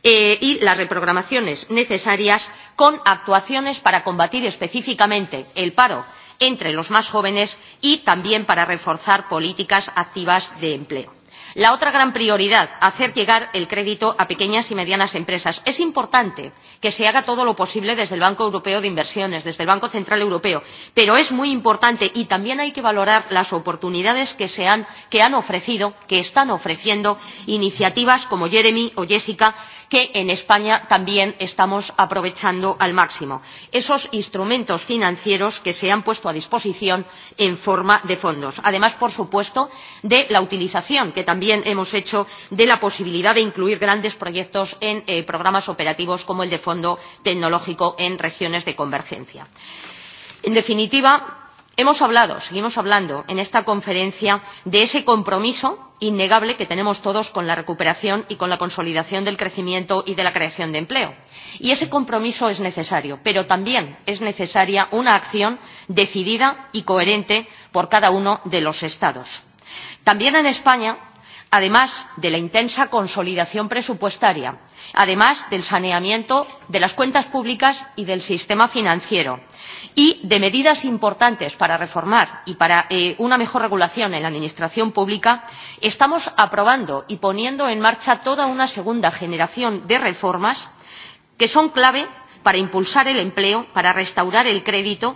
eh, y las reprogramaciones necesarias con actuaciones para combatir específicamente el paro entre los más jóvenes y también para reforzar políticas activas de empleo. La otra gran prioridad, hacer llegar el crédito a pequeñas y medianas empresas. Es importante que se haga todo lo posible desde el Banco Europeo de Inversiones, desde el Banco Central Europeo, pero es muy importante y también hay que valorar las oportunidades que, se han, que han ofrecido, que están ofreciendo iniciativas como Jeremy o Jessica que en España también estamos aprovechando al máximo. Esos instrumentos financieros que se han puesto a disposición en forma de fondos. Además, por supuesto, de la utilización que también hemos hecho de la posibilidad de incluir grandes proyectos en eh, programas operativos como el de Fondo Tecnológico en regiones de convergencia. En definitiva, Hemos hablado, seguimos hablando en esta conferencia de ese compromiso innegable que tenemos todos con la recuperación y con la consolidación del crecimiento y de la creación de empleo. Y ese compromiso es necesario, pero también es necesaria una acción decidida y coherente por cada uno de los Estados. También en España además de la intensa consolidación presupuestaria, además del saneamiento de las cuentas públicas y del sistema financiero y de medidas importantes para reformar y para eh, una mejor regulación en la administración pública, estamos aprobando y poniendo en marcha toda una segunda generación de reformas que son clave para impulsar el empleo, para restaurar el crédito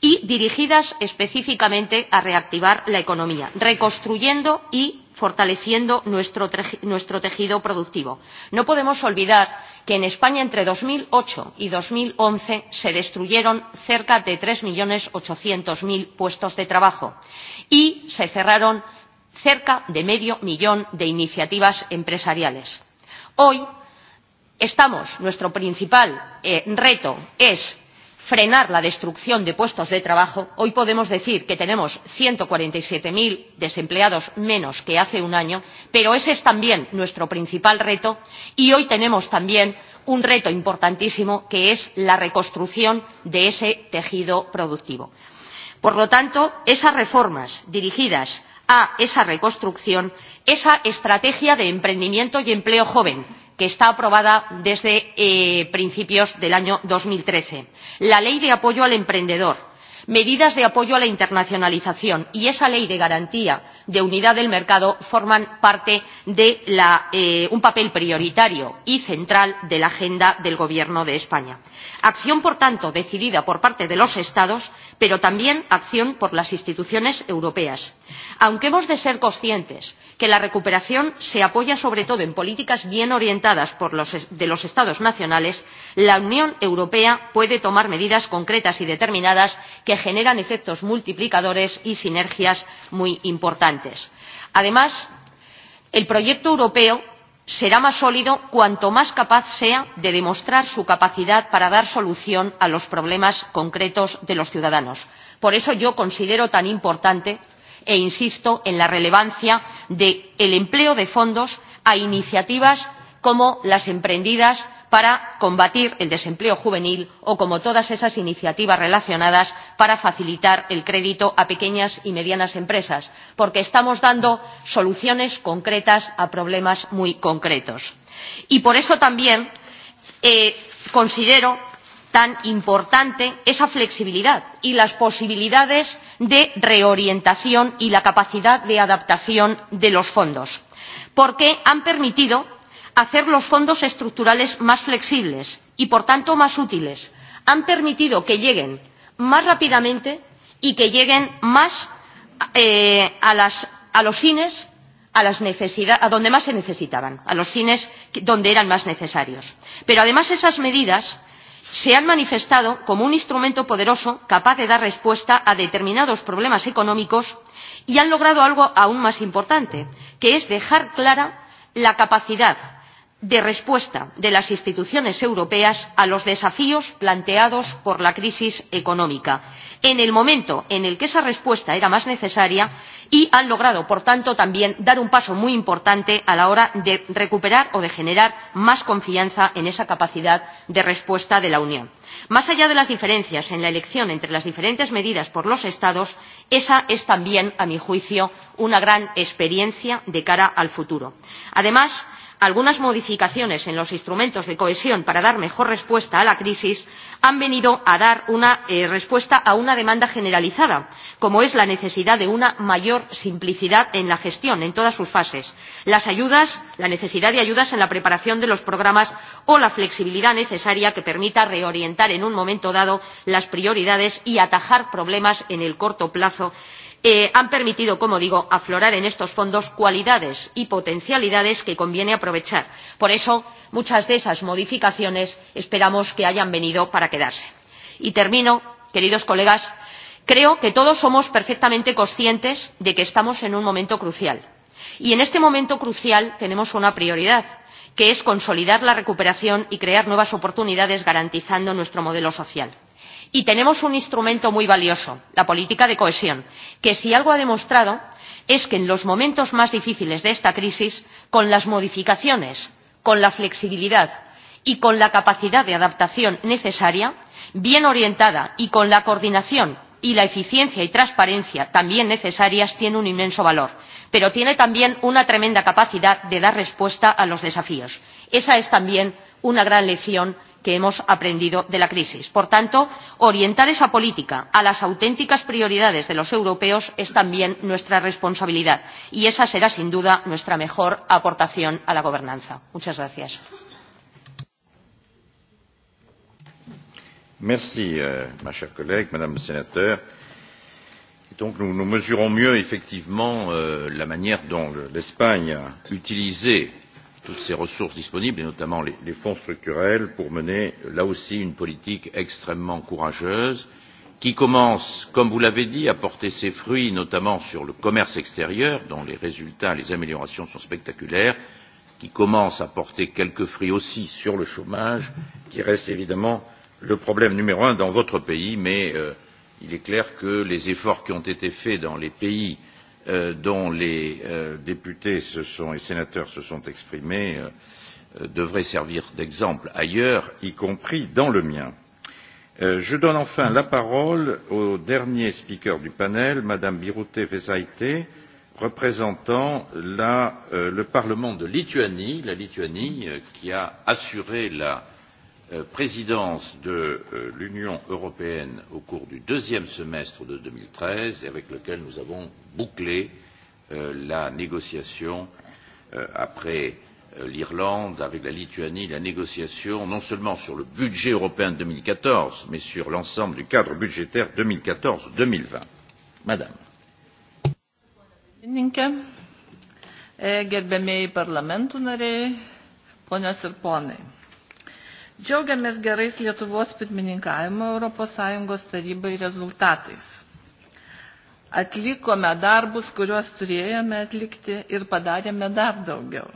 y dirigidas específicamente a reactivar la economía, reconstruyendo y fortaleciendo nuestro, nuestro tejido productivo. No podemos olvidar que en España entre 2008 y 2011 se destruyeron cerca de 3.800.000 puestos de trabajo y se cerraron cerca de medio millón de iniciativas empresariales. Hoy estamos, nuestro principal eh, reto es frenar la destrucción de puestos de trabajo, hoy podemos decir que tenemos 147.000 desempleados menos que hace un año, pero ese es también nuestro principal reto y hoy tenemos también un reto importantísimo que es la reconstrucción de ese tejido productivo. Por lo tanto, esas reformas dirigidas a esa reconstrucción, esa estrategia de emprendimiento y empleo joven que está aprobada desde eh, principios del año 2013. La Ley de Apoyo al Emprendedor, medidas de apoyo a la internacionalización y esa Ley de Garantía de Unidad del Mercado forman parte de la, eh, un papel prioritario y central de la agenda del Gobierno de España. Acción, por tanto, decidida por parte de los Estados pero también acción por las instituciones europeas. Aunque hemos de ser conscientes que la recuperación se apoya sobre todo en políticas bien orientadas por los, de los Estados nacionales, la Unión Europea puede tomar medidas concretas y determinadas que generan efectos multiplicadores y sinergias muy importantes. Además, el proyecto europeo será más sólido cuanto más capaz sea de demostrar su capacidad para dar solución a los problemas concretos de los ciudadanos. Por eso yo considero tan importante e insisto en la relevancia del de empleo de fondos a iniciativas como las emprendidas para combatir el desempleo juvenil o como todas esas iniciativas relacionadas para facilitar el crédito a pequeñas y medianas empresas, porque estamos dando soluciones concretas a problemas muy concretos. Y por eso también eh, considero tan importante esa flexibilidad y las posibilidades de reorientación y la capacidad de adaptación de los fondos, porque han permitido hacer los fondos estructurales más flexibles y, por tanto, más útiles. Han permitido que lleguen más rápidamente y que lleguen más eh, a, las, a los fines a, las necesidad, a donde más se necesitaban, a los fines donde eran más necesarios. Pero además esas medidas se han manifestado como un instrumento poderoso capaz de dar respuesta a determinados problemas económicos y han logrado algo aún más importante, que es dejar clara la capacidad de respuesta de las instituciones europeas a los desafíos planteados por la crisis económica, en el momento en el que esa respuesta era más necesaria y han logrado, por tanto, también dar un paso muy importante a la hora de recuperar o de generar más confianza en esa capacidad de respuesta de la Unión. Más allá de las diferencias en la elección entre las diferentes medidas por los Estados, esa es también, a mi juicio, una gran experiencia de cara al futuro. Además, algunas modificaciones en los instrumentos de cohesión para dar mejor respuesta a la crisis han venido a dar una eh, respuesta a una demanda generalizada, como es la necesidad de una mayor simplicidad en la gestión en todas sus fases, las ayudas, la necesidad de ayudas en la preparación de los programas o la flexibilidad necesaria que permita reorientar en un momento dado las prioridades y atajar problemas en el corto plazo eh, han permitido, como digo, aflorar en estos fondos cualidades y potencialidades que conviene aprovechar. Por eso, muchas de esas modificaciones esperamos que hayan venido para quedarse. Y termino, queridos colegas, creo que todos somos perfectamente conscientes de que estamos en un momento crucial. Y en este momento crucial tenemos una prioridad, que es consolidar la recuperación y crear nuevas oportunidades garantizando nuestro modelo social. Y tenemos un instrumento muy valioso, la política de cohesión, que si algo ha demostrado es que en los momentos más difíciles de esta crisis, con las modificaciones, con la flexibilidad y con la capacidad de adaptación necesaria, bien orientada y con la coordinación y la eficiencia y transparencia también necesarias, tiene un inmenso valor, pero tiene también una tremenda capacidad de dar respuesta a los desafíos. Esa es también una gran lección que hemos aprendido de la crisis. Por tanto, orientar esa política a las auténticas prioridades de los europeos es también nuestra responsabilidad y esa será sin duda nuestra mejor aportación a la gobernanza. Muchas gracias. Merci, euh, ma chère collègue, Madame le Sénateur. Et donc nous, nous mesurons mieux effectivement euh, la manière dont l'Espagne a utilisé toutes ces ressources disponibles, et notamment les, les fonds structurels, pour mener là aussi une politique extrêmement courageuse, qui commence, comme vous l'avez dit, à porter ses fruits, notamment sur le commerce extérieur, dont les résultats, les améliorations sont spectaculaires, qui commence à porter quelques fruits aussi sur le chômage, qui reste évidemment le problème numéro un dans votre pays, mais euh, il est clair que les efforts qui ont été faits dans les pays Euh, dont les euh, députés se sont, et sénateurs se sont exprimés euh, euh devrait servir d'exemple ailleurs, y compris dans le mien. Euh, je donne enfin la parole au dernier speaker du panel, Madame Birute Vesaite, représentant la, euh, le Parlement de Lituanie, la Lituanie euh, qui a assuré la Euh, présidence de euh, l'Union européenne au cours du deuxième semestre de 2013 et avec lequel nous avons bouclé euh, la négociation après l'Irlande, avec la Lituanie, la négociation non seulement sur le budget européen de 2014, mais sur l'ensemble du cadre budgétaire 2014-2020. Madame. Pirmininkė, eh, gerbiamieji parlamentų nariai, ponios ir e ponai. Džiaugiamės gerais Lietuvos pirmininkavimo Europos Sąjungos tarybai rezultatais. Atlikome darbus, kuriuos turėjome atlikti ir padarėme dar daugiau.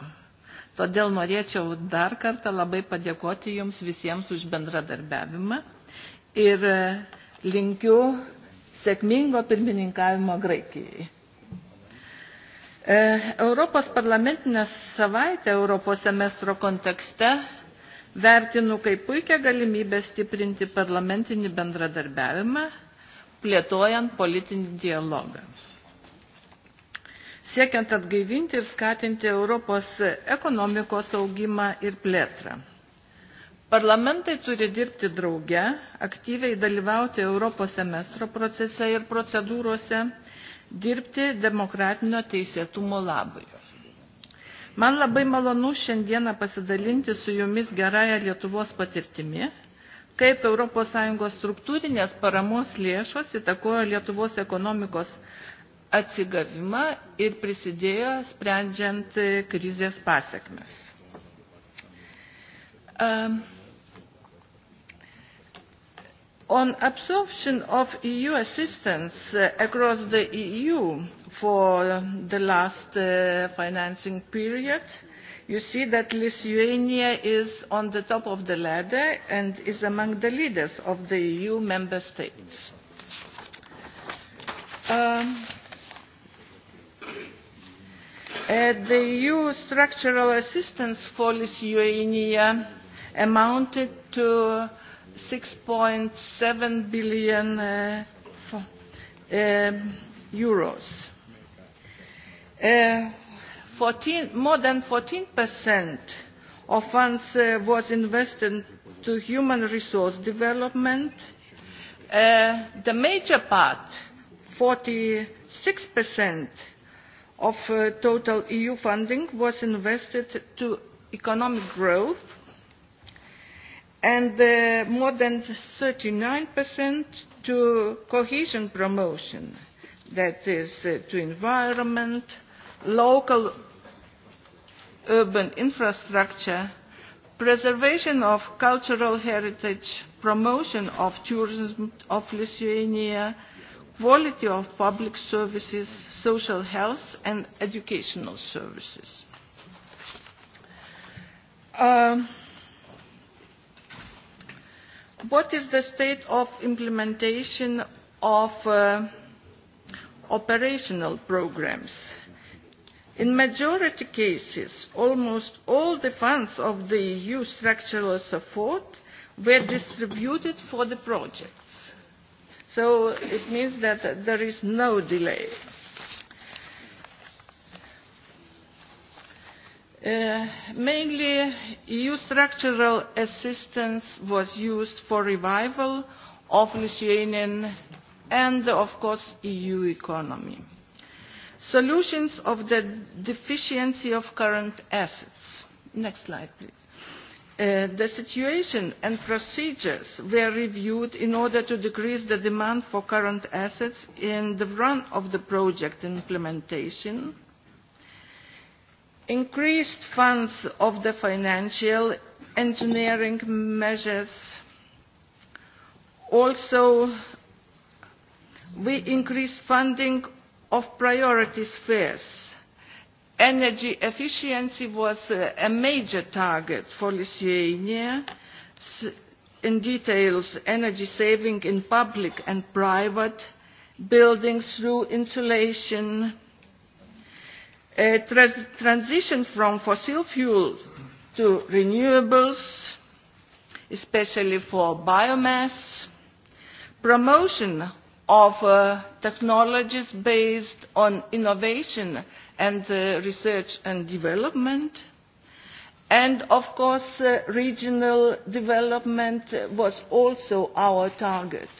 Todėl norėčiau dar kartą labai padėkoti Jums visiems už bendradarbiavimą ir e, linkiu sėkmingo pirmininkavimo Graikijai. E, Europos parlamentinė savaitė Europos semestro kontekste vertinu kaip puikia galimybę stiprinti parlamentinį bendradarbiavimą, plėtojant politinį dialogą. Siekiant atgaivinti ir skatinti Europos ekonomikos augimą ir plėtrą. Parlamentai turi dirbti drauge, aktyviai dalyvauti Europos semestro procese ir procedūrose, dirbti demokratinio teisėtumo labai. Man labai malonu šiandieną pasidalinti su jumis gerąją Lietuvos patirtimi, kaip ES struktūrinės paramos lėšos įtakojo Lietuvos ekonomikos atsigavimą ir prisidėjo sprendžiant krizės pasiekmes on absorption of EU assistance uh, across the EU for uh, the last uh, financing period, you see that Lithuania is on the top of the ladder and is among the leaders of the EU member states. Um, uh, the EU structural assistance for Lithuania amounted to 6.7 billion uh, uh, euros. Uh, 14, more than 14% of funds uh, was invested to human resource development. Uh, the major part, 46% of uh, total EU funding was invested to economic growth and uh, more than 39% to cohesion promotion, that is uh, to environment, local urban infrastructure, preservation of cultural heritage, promotion of tourism of Lithuania, quality of public services, social health and educational services. Um, uh, What is the state of implementation of uh, operational programs? In majority cases, almost all the funds of the EU structural support were distributed for the projects. So it means that there is no delay. Uh, mainly EU structural assistance was used for revival of Lithuanian and of course EU economy. Solutions of the deficiency of current assets. Next slide please. Uh, the situation and procedures were reviewed in order to decrease the demand for current assets in the run of the project implementation increased funds of the financial engineering measures. Also, we increased funding of priority spheres. Energy efficiency was a major target for Lithuania. In details, energy saving in public and private buildings through insulation, A tra transition from fossil fuel to renewables, especially for biomass, promotion of uh, technologies based on innovation and uh, research and development, And of course, uh, regional development was also our target,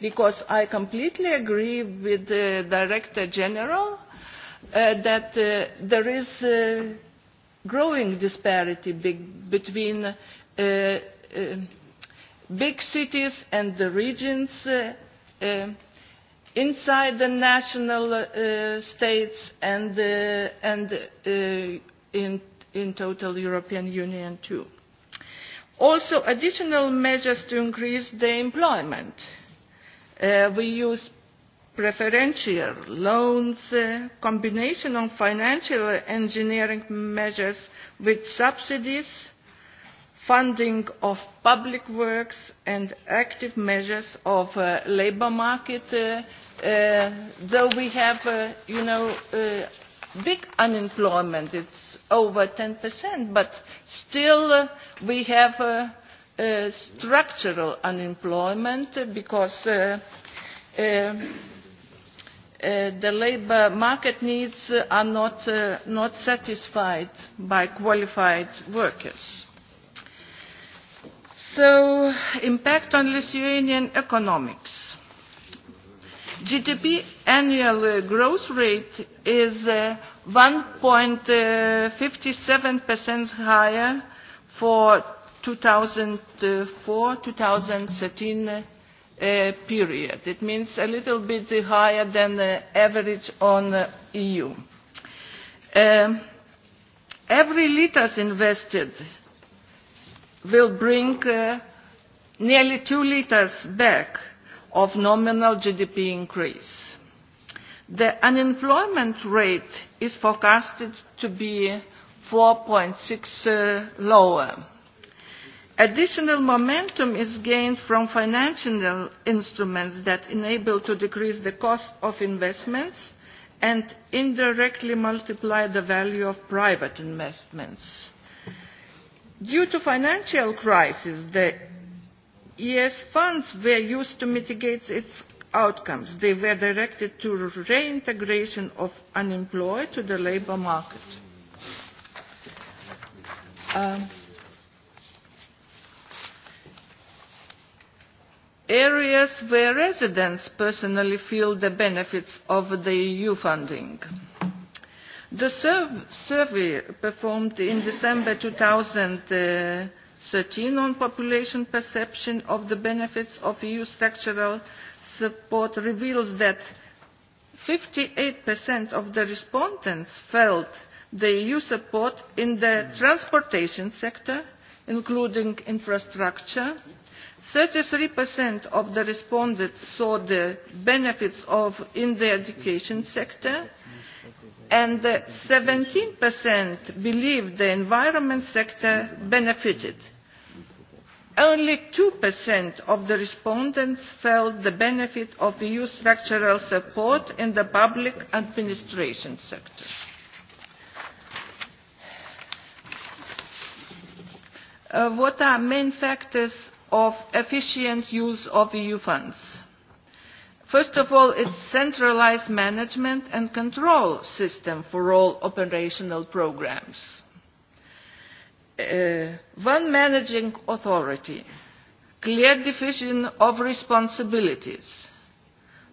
because I completely agree with the Director General uh, that uh, there is a uh, growing disparity be between uh, uh, big cities and the regions uh, uh, inside the national uh, states and, uh, and uh, in, in total European Union too. Also additional measures to increase the employment. Uh, we use preferential loans, uh, combination of financial engineering measures with subsidies, funding of public works and active measures of uh, labor market, uh, uh, though we have, uh, you know, uh, big unemployment, it's over 10%, but still uh, we have uh, uh, structural unemployment because uh, uh, uh, the labor market needs are not, uh, not satisfied by qualified workers. So, impact on Lithuanian economics. GDP annual growth rate is uh, 1.57% higher for 2004-2013 Uh, period. It means a little bit higher than the average on the uh, EU. Um, every liter invested will bring uh, nearly two liters back of nominal GDP increase. The unemployment rate is forecasted to be 4.6 uh, lower Additional momentum is gained from financial instruments that enable to decrease the cost of investments and indirectly multiply the value of private investments. Due to financial crisis, the ES funds were used to mitigate its outcomes. They were directed to reintegration of unemployed to the labour market. Um, areas where residents personally feel the benefits of the EU funding. The serv survey performed in December 2013 on population perception of the benefits of EU structural support reveals that 58% of the respondents felt the EU support in the transportation sector, including infrastructure, 33% of the respondents saw the benefits of in the education sector and 17% believe the environment sector benefited. Only 2% of the respondents felt the benefit of EU structural support in the public administration sector. Uh, what are main factors of efficient use of EU funds. First of all, its centralized management and control system for all operational programs. Uh, one managing authority, clear division of responsibilities,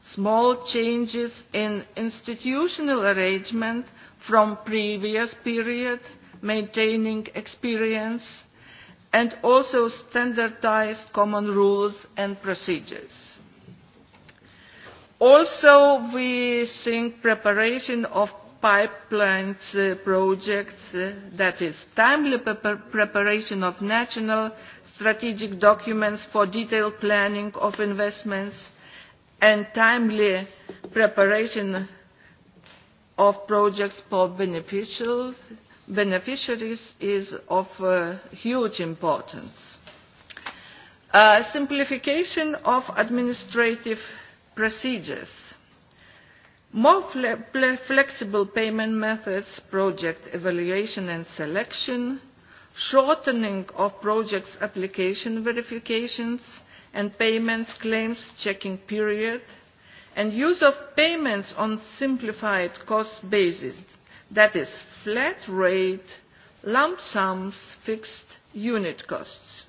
small changes in institutional arrangement from previous period, maintaining experience, and also standardized common rules and procedures. Also, we think preparation of pipelines uh, projects, uh, that is timely pre preparation of national strategic documents for detailed planning of investments and timely preparation of projects for beneficial beneficiaries is of uh, huge importance. Uh, simplification of administrative procedures. More fle flexible payment methods, project evaluation and selection, shortening of projects application verifications and payments claims checking period, and use of payments on simplified cost basis that is flat rate, lump sums, fixed unit costs.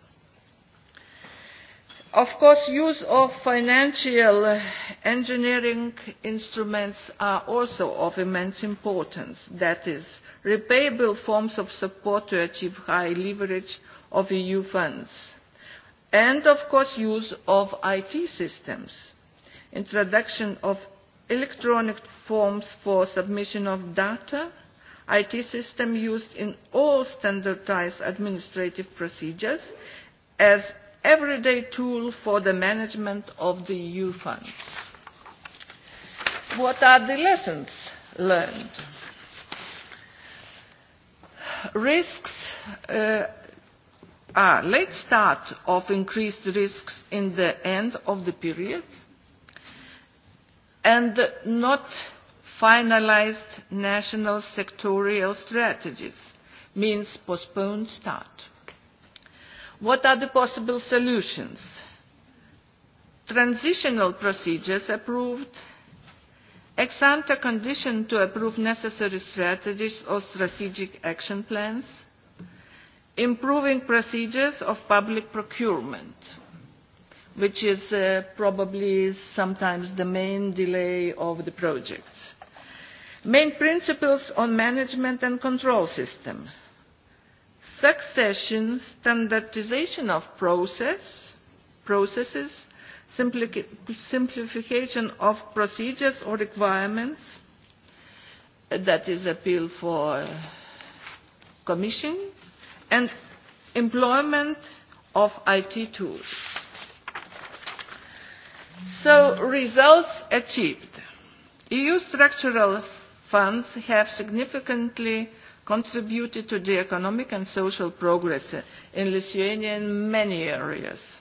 Of course, use of financial engineering instruments are also of immense importance, that is, repayable forms of support to achieve high leverage of EU funds. And of course, use of IT systems, introduction of electronic forms for submission of data, IT system used in all standardized administrative procedures as everyday tool for the management of the EU funds. What are the lessons learned? Risks uh, are late start of increased risks in the end of the period, and not finalized national sectorial strategies means postponed start. What are the possible solutions? Transitional procedures approved, ex ante condition to approve necessary strategies or strategic action plans, improving procedures of public procurement which is uh, probably sometimes the main delay of the projects. Main principles on management and control system. Succession, standardization of process, processes, simpli simplification of procedures or requirements. That is appeal for commission. And employment of IT tools. So results achieved. EU structural funds have significantly contributed to the economic and social progress in Lithuania in many areas.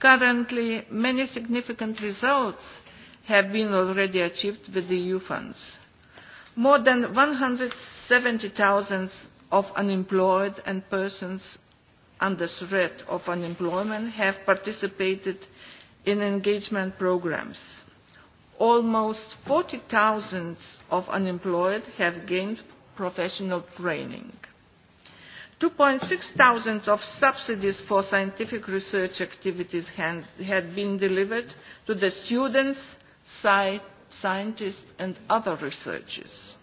Currently, many significant results have been already achieved with the EU funds. More than 170,000 of unemployed and persons under threat of unemployment have participated in engagement programs. Almost 40,000 of unemployed have gained professional training. 2.6 thousand of subsidies for scientific research activities had been delivered to the students, sci scientists and other researchers.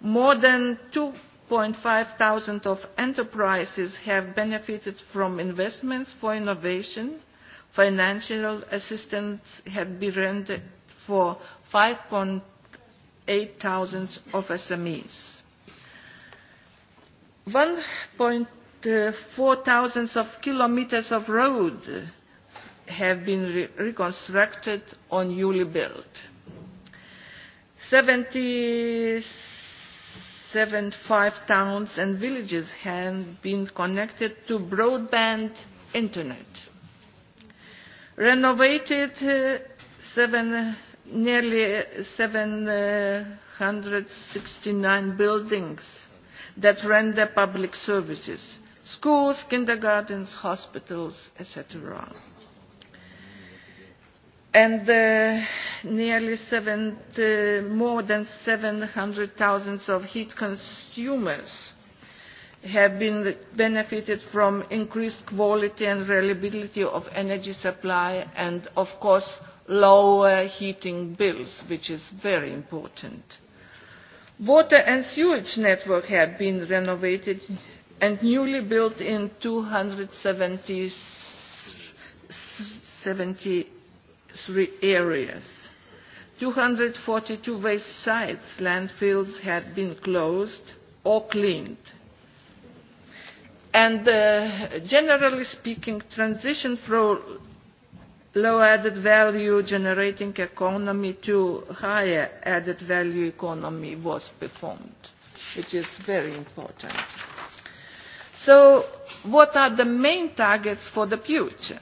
More than 2.5 thousand of enterprises have benefited from investments for innovation financial assistance had been rendered for 5.8 thousands of SMEs. 1.4 thousands of kilometers of road have been re reconstructed or newly built. 75 towns and villages have been connected to broadband internet renovated uh, seven, nearly 769 buildings that render public services, schools, kindergartens, hospitals, etc. And uh, nearly seven, uh, more than 700,000 of heat consumers have been benefited from increased quality and reliability of energy supply and, of course, lower heating bills, which is very important. Water and sewage network have been renovated and newly built in 273 areas. 242 waste sites, landfills had been closed or cleaned And uh, generally speaking, transition from low added value generating economy to higher added value economy was performed, which is very important. So what are the main targets for the future?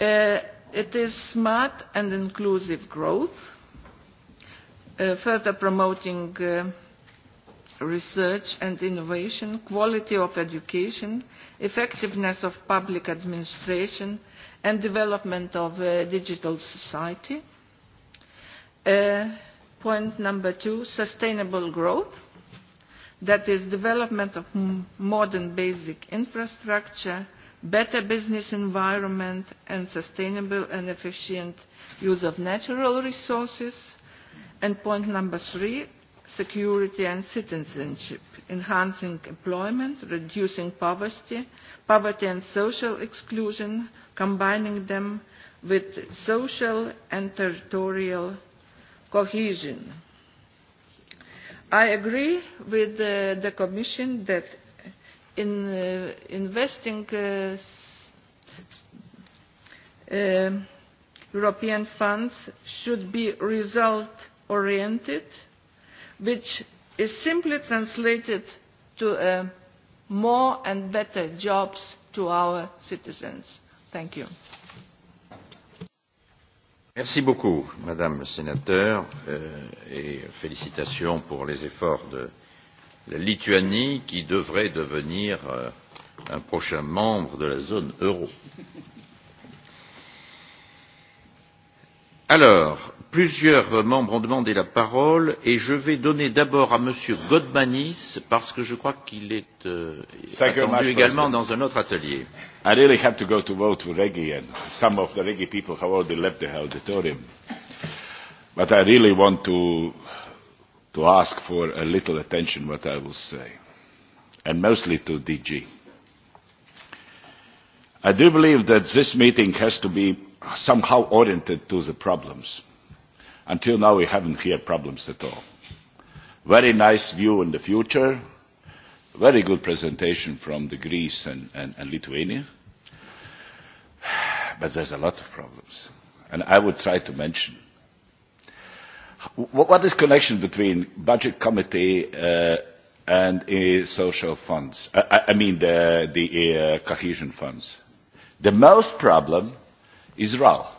Uh, it is smart and inclusive growth, uh, further promoting uh, research and innovation, quality of education, effectiveness of public administration and development of a uh, digital society. Uh, point number two, sustainable growth, that is development of modern basic infrastructure, better business environment and sustainable and efficient use of natural resources. And point number three, security and citizenship, enhancing employment, reducing poverty, poverty and social exclusion, combining them with social and territorial cohesion. I agree with uh, the Commission that in uh, investing uh, uh, European funds should be result-oriented which is simply translated to uh, more and better jobs to our citizens. Thank you. Merci beaucoup, Madame le Sénateur, euh, et félicitations pour les efforts de la Lituanie qui devrait devenir euh, un prochain membre de la zone euro. Alors, plusieurs membres ont demandé la parole et je vais donner d'abord à Monsieur Godmanis parce que je crois qu'il est euh, attendu également dans un autre atelier. I really have to go to vote for Reggie and some of the Reggie people have already left the auditorium. But I really want to, to ask for a little attention what I will say and mostly to DG. I do believe that this meeting has to be somehow oriented to the problems. Until now we haven't heard problems at all. Very nice view in the future, very good presentation from the Greece and, and, and Lithuania, (sighs) but there's a lot of problems. And I would try to mention what, what is connection between budget committee uh, and uh, social funds, uh, I, I mean the, the uh, cohesion funds. The most problem Israel.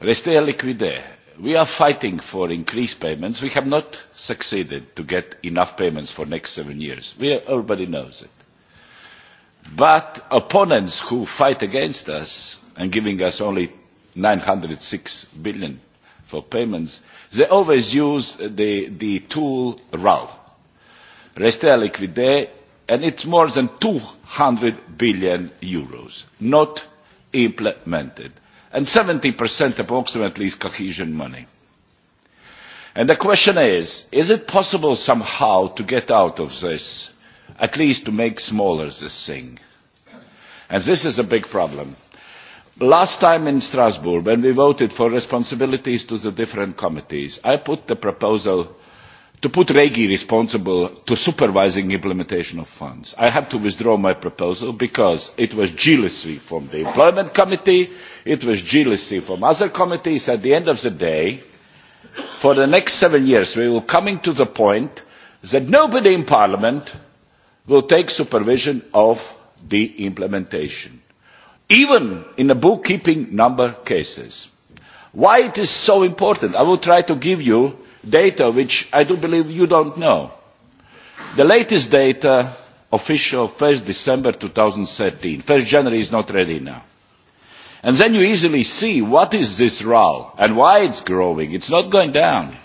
Restez liquide. We are fighting for increased payments. We have not succeeded to get enough payments for next seven years. We, everybody knows it. But opponents who fight against us and giving us only 906 billion for payments, they always use the, the tool RAL, Restea Liquide, and it's more than 200 billion euros, not implemented. And 70% approximately is cohesion money. And the question is, is it possible somehow to get out of this, at least to make smaller this thing? And this is a big problem. Last time in Strasbourg, when we voted for responsibilities to the different committees, I put the proposal to put Regi responsible to supervising implementation of funds. I have to withdraw my proposal because it was jealousy from the employment committee, it was jealousy from other committees. At the end of the day, for the next seven years, we will coming to the point that nobody in parliament will take supervision of the implementation, even in the bookkeeping number cases. Why it is so important? I will try to give you data which I do believe you don't know. The latest data official 1st December 2013. 1st January is not ready now. And then you easily see what is this RAL and why it's growing. It's not going down.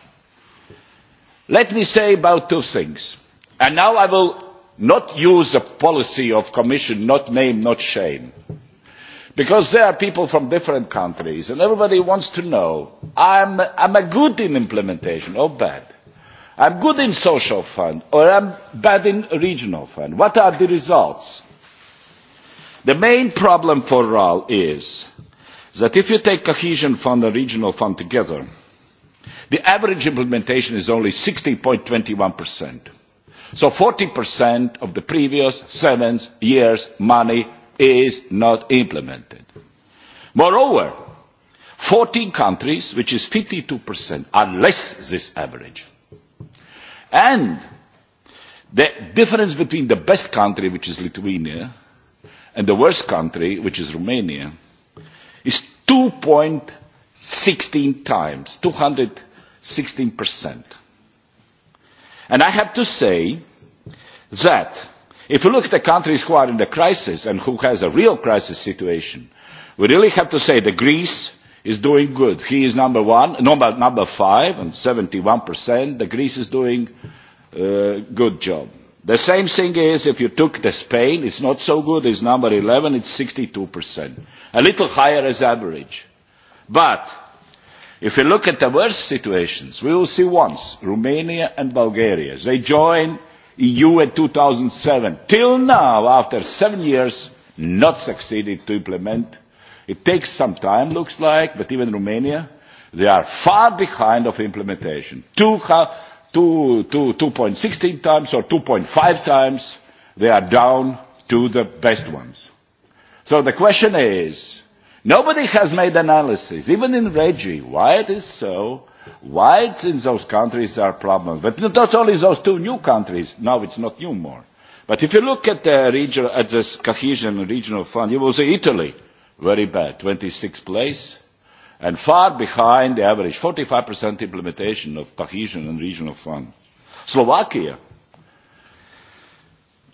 Let me say about two things. And now I will not use a policy of commission, not name, not shame. Because there are people from different countries and everybody wants to know, I'm, I'm a good in implementation or bad. I'm good in social fund or I'm bad in regional fund. What are the results? The main problem for RAL is that if you take cohesion fund and regional fund together, the average implementation is only 60.21%. So 40% of the previous seven years' money is not implemented. Moreover, 14 countries, which is 52%, are less this average. And the difference between the best country, which is Lithuania, and the worst country, which is Romania, is 2.16 times, 216%. And I have to say that If you look at the countries who are in the crisis and who has a real crisis situation, we really have to say that Greece is doing good. He is number one, number, number five, and 71%. The Greece is doing uh, good job. The same thing is if you took the Spain, it's not so good, it's number 11, it's 62%. A little higher as average. But if you look at the worst situations, we will see once Romania and Bulgaria. They join EU in 2007. Till now, after seven years, not succeeded to implement. It takes some time, looks like, but even Romania, they are far behind of implementation. 2.16 times or 2.5 times, they are down to the best ones. So the question is, nobody has made analysis, even in Reggie, why it is so, Whites in those countries are problems. But not only those two new countries. Now it's not new more. But if you look at the region, at this cohesion regional fund, you will see Italy very bad, 26th place, and far behind the average, 45% implementation of cohesion and regional fund. Slovakia,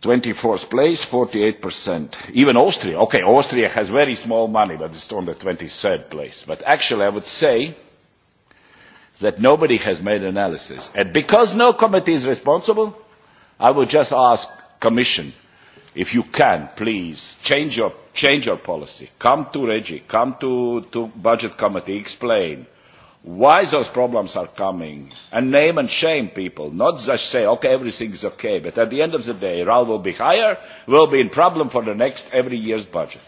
24th place, 48%. Even Austria, okay, Austria has very small money, but it's on the 23rd place. But actually, I would say that nobody has made analysis. And because no committee is responsible, I would just ask Commission, if you can, please, change your, change your policy. Come to Reggie, come to, to Budget Committee, explain why those problems are coming, and name and shame people, not just say, okay, everything's okay, but at the end of the day, RAL will be higher, will be in problem for the next every year's budget.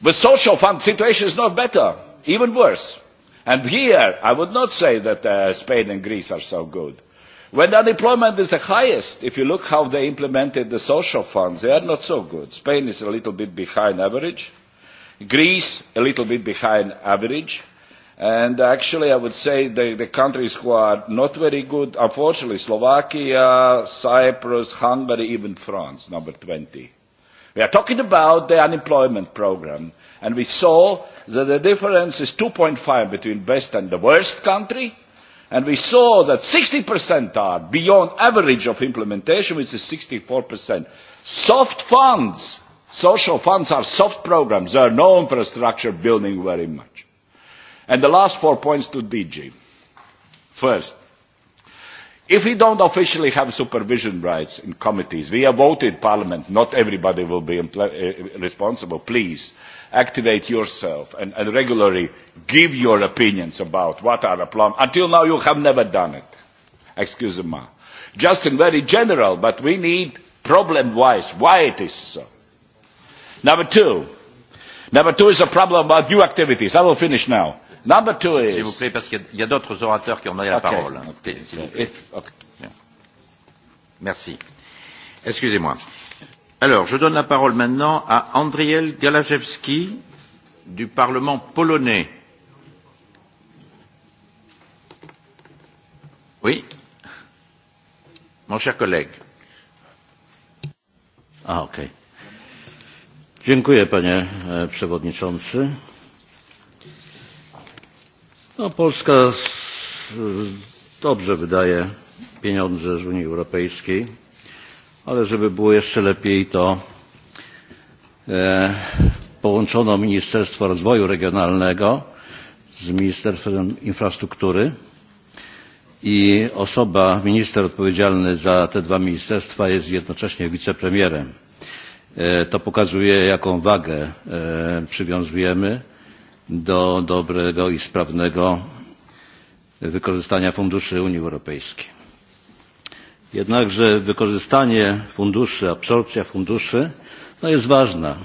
The social fund situation is not better, even worse And here, I would not say that uh, Spain and Greece are so good. When unemployment is the highest, if you look how they implemented the social funds, they are not so good. Spain is a little bit behind average. Greece, a little bit behind average. And actually, I would say the, the countries who are not very good, unfortunately, Slovakia, Cyprus, Hungary, even France, number 20. We are talking about the unemployment program, and we saw that the difference is 2.5 between best and the worst country, and we saw that 60% are beyond average of implementation, which is 64%. Soft funds, social funds are soft programs. There are no infrastructure building very much. And the last four points to DG. First, If we don't officially have supervision rights in committees, we have voted parliament, not everybody will be uh, responsible. Please activate yourself and, and regularly give your opinions about what are the problems. Until now you have never done it. Excuse me. Just in very general, but we need problem-wise why it is so. Number two. Number two is a problem about new activities. I will finish now. Number two is... S'il vous plaît, parce qu'il y a, d'autres orateurs qui ont donné la okay. parole. Hein. Okay. If, okay. Merci. Excusez-moi. Alors, je donne la parole maintenant à Andriel Galachewski du Parlement polonais. Oui, mon cher collègue. Ah, ok. Dziękuję, panie e, przewodniczący. No, Polska dobrze wydaje pieniądze z Unii Europejskiej, ale żeby było jeszcze lepiej, to e, połączono Ministerstwo Rozwoju Regionalnego z Ministerstwem Infrastruktury i osoba, minister odpowiedzialny za te dwa ministerstwa jest jednocześnie wicepremierem. E, to pokazuje, jaką wagę e, przywiązujemy do dobrego i sprawnego wykorzystania funduszy Unii Europejskiej. Jednakże wykorzystanie funduszy, absorpcja funduszy no jest ważna,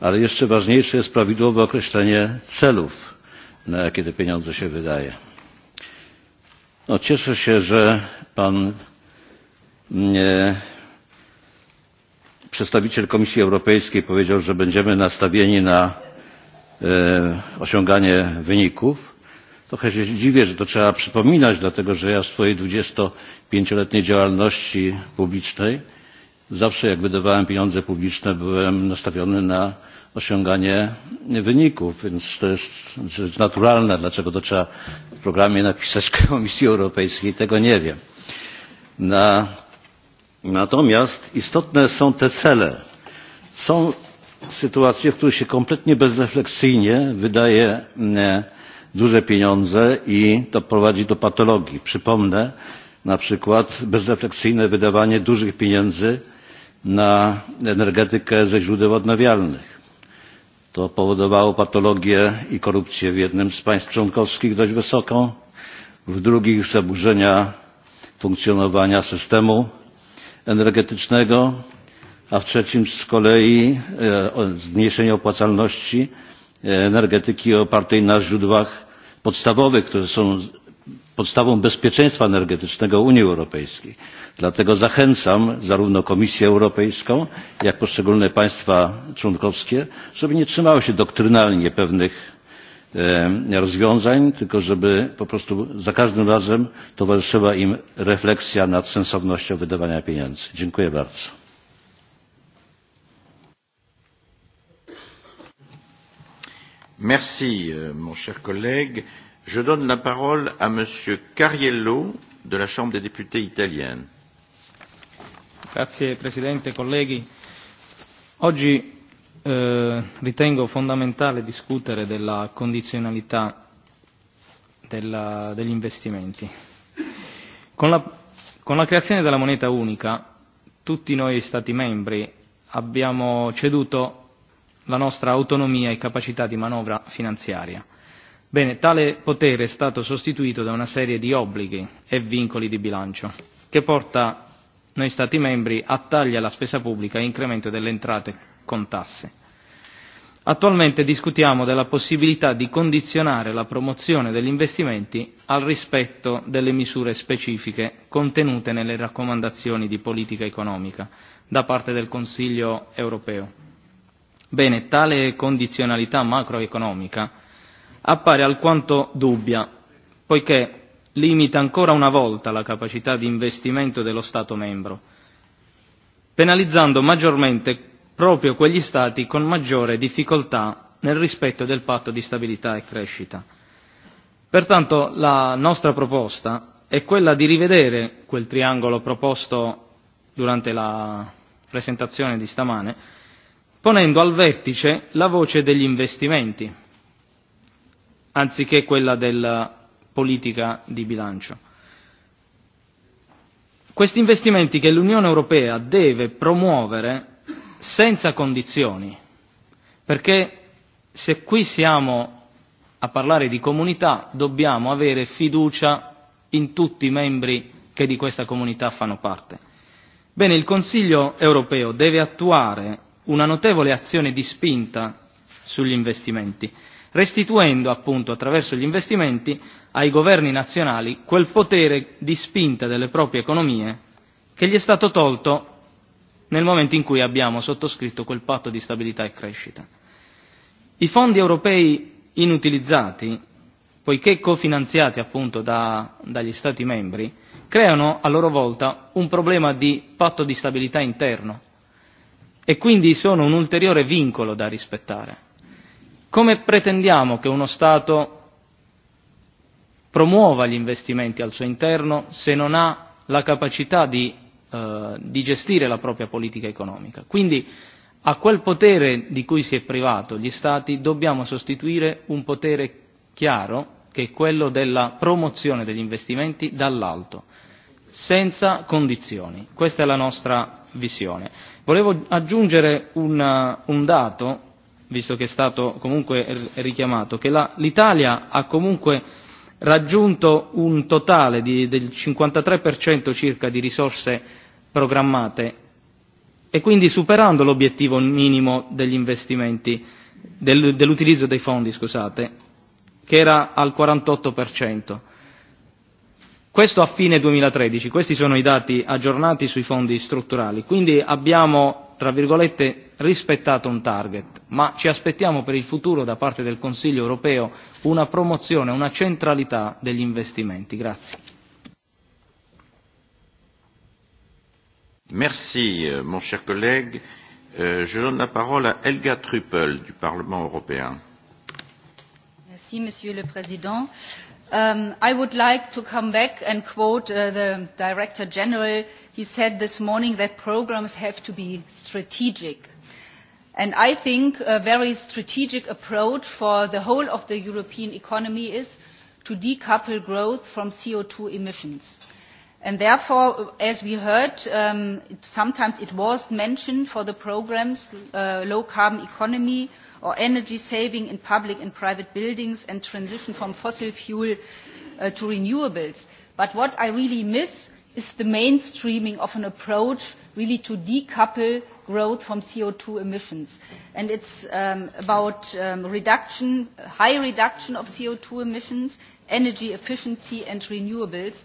ale jeszcze ważniejsze jest prawidłowe określenie celów, na jakie te pieniądze się wydaje. No, cieszę się, że pan nie, mm, przedstawiciel Komisji Europejskiej powiedział, że będziemy nastawieni na e, osiąganie wyników. Trochę się dziwię, że to trzeba przypominać, dlatego że ja w swojej 25-letniej działalności publicznej zawsze jak wydawałem pieniądze publiczne byłem nastawiony na osiąganie wyników, więc to jest, to jest naturalne, dlaczego to trzeba w programie napisać (laughs) Komisji Europejskiej, tego nie wiem. Na, natomiast istotne są te cele. Są sytuację, w której się kompletnie bezrefleksyjnie wydaje mm, e, duże pieniądze i to prowadzi do patologii. Przypomnę na przykład bezrefleksyjne wydawanie dużych pieniędzy na energetykę ze źródeł odnawialnych. To powodowało patologię i korupcję w jednym z państw członkowskich dość wysoką, w drugich zaburzenia funkcjonowania systemu energetycznego, a w trzecim z kolei e, zmniejszenie opłacalności e, energetyki opartej na źródłach podstawowych, które są podstawą bezpieczeństwa energetycznego Unii Europejskiej. Dlatego zachęcam zarówno Komisję Europejską, jak poszczególne państwa członkowskie, żeby nie trzymały się doktrynalnie pewnych e, rozwiązań, tylko żeby po prostu za każdym razem towarzyszyła im refleksja nad sensownością wydawania pieniędzy. Dziękuję bardzo. Merci, euh, mon cher collègue. Je donne la parole à Monsieur Cariello de la Chambre des députés italienne. Grazie Presidente, colleghi. Oggi eh, ritengo fondamentale discutere della condizionalità della, degli investimenti. Con la, con la creazione della moneta unica tutti noi Stati membri abbiamo ceduto la nostra autonomia e capacità di manovra finanziaria. Bene, tale potere è stato sostituito da una serie di obblighi e vincoli di bilancio, che porta noi Stati membri a taglia alla spesa pubblica e incremento delle entrate con tasse. Attualmente discutiamo della possibilità di condizionare la promozione degli investimenti al rispetto delle misure specifiche contenute nelle raccomandazioni di politica economica da parte del Consiglio europeo Bene, tale condizionalità macroeconomica appare alquanto dubbia, poiché limita ancora una volta la capacità di investimento dello Stato membro, penalizzando maggiormente proprio quegli Stati con maggiore difficoltà nel rispetto del patto di stabilità e crescita. Pertanto la nostra proposta è quella di rivedere quel triangolo proposto durante la presentazione di stamane, ponendo al vertice la voce degli investimenti, anziché quella della politica di bilancio. Questi investimenti che l'Unione Europea deve promuovere senza condizioni, perché se qui siamo a parlare di comunità dobbiamo avere fiducia in tutti i membri che di questa comunità fanno parte. Bene, il Consiglio europeo deve attuare una notevole azione di spinta sugli investimenti, restituendo appunto attraverso gli investimenti ai governi nazionali quel potere di spinta delle proprie economie che gli è stato tolto nel momento in cui abbiamo sottoscritto quel patto di stabilità e crescita. I fondi europei inutilizzati, poiché cofinanziati appunto da, dagli Stati membri, creano a loro volta un problema di patto di stabilità interno, e quindi sono un ulteriore vincolo da rispettare. Come pretendiamo che uno Stato promuova gli investimenti al suo interno se non ha la capacità di, eh, di gestire la propria politica economica? Quindi a quel potere di cui si è privato gli Stati dobbiamo sostituire un potere chiaro che è quello della promozione degli investimenti dall'alto, senza condizioni. Questa è la nostra visione. Volevo aggiungere un, un dato, visto che è stato comunque richiamato, che l'Italia ha comunque raggiunto un totale di, del 53% circa di risorse programmate e quindi superando l'obiettivo minimo degli investimenti, del, dell'utilizzo dei fondi, scusate, che era al 48%. Questo a fine 2013, questi sono i dati aggiornati sui fondi strutturali, quindi abbiamo, tra virgolette, rispettato un target, ma ci aspettiamo per il futuro da parte del Consiglio europeo una promozione, una centralità degli investimenti. Grazie. Merci, euh, mon cher collègue. Euh, je donne la parole à Helga Truppel du Parlement européen. Merci, Monsieur le Président um, I would like to come back and quote uh, the Director General. He said this morning that programs have to be strategic. And I think a very strategic approach for the whole of the European economy is to decouple growth from CO2 emissions. And therefore, as we heard, um, sometimes it was mentioned for the programs, uh, low carbon economy, or energy saving in public and private buildings and transition from fossil fuel uh, to renewables. But what I really miss is the mainstreaming of an approach really to decouple growth from CO2 emissions. And it's um, about um, reduction, high reduction of CO2 emissions, energy efficiency and renewables.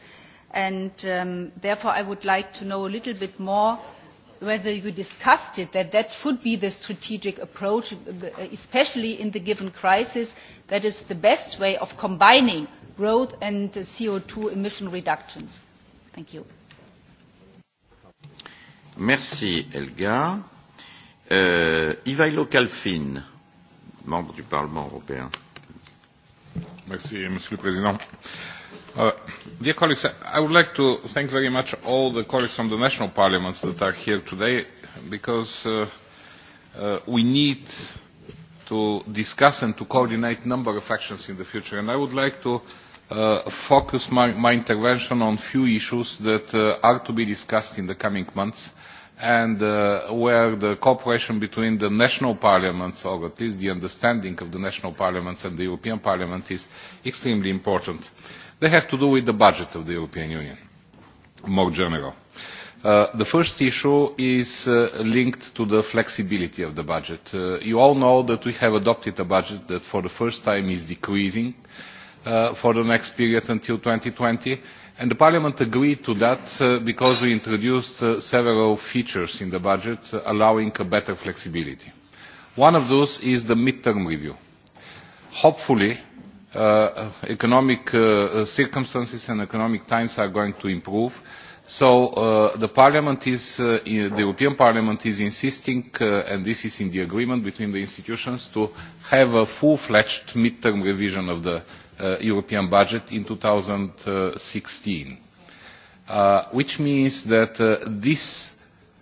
And um, therefore I would like to know a little bit more whether you discussed it, that that should be the strategic approach, especially in the given crisis, that is the best way of combining growth and CO2 emission reductions. Thank you. Merci, Elga. Euh, Ivailo Calfin, membre du Parlement européen. Merci, Monsieur le Président. Euh, Uh, dear colleagues, I would like to thank very much all the colleagues from the national parliaments that are here today because uh, uh, we need to discuss and to coordinate a number of actions in the future. And I would like to uh, focus my, my intervention on a few issues that uh, are to be discussed in the coming months and uh, where the cooperation between the national parliaments, or at least the understanding of the national parliaments and the European Parliament, is extremely important. Uh, They have to do with the budget of the European Union, more general. Uh, the first issue is uh, linked to the flexibility of the budget. Uh, you all know that we have adopted a budget that for the first time is decreasing uh, for the next period until 2020. And the Parliament agreed to that uh, because we introduced uh, several features in the budget uh, allowing a better flexibility. One of those is the midterm review. Hopefully, uh, economic uh, uh, circumstances and economic times are going to improve. So uh, the Parliament is, uh, the European Parliament is insisting, uh, and this is in the agreement between the institutions, to have a full-fledged midterm revision of the uh, European budget in 2016, uh, which means that uh, this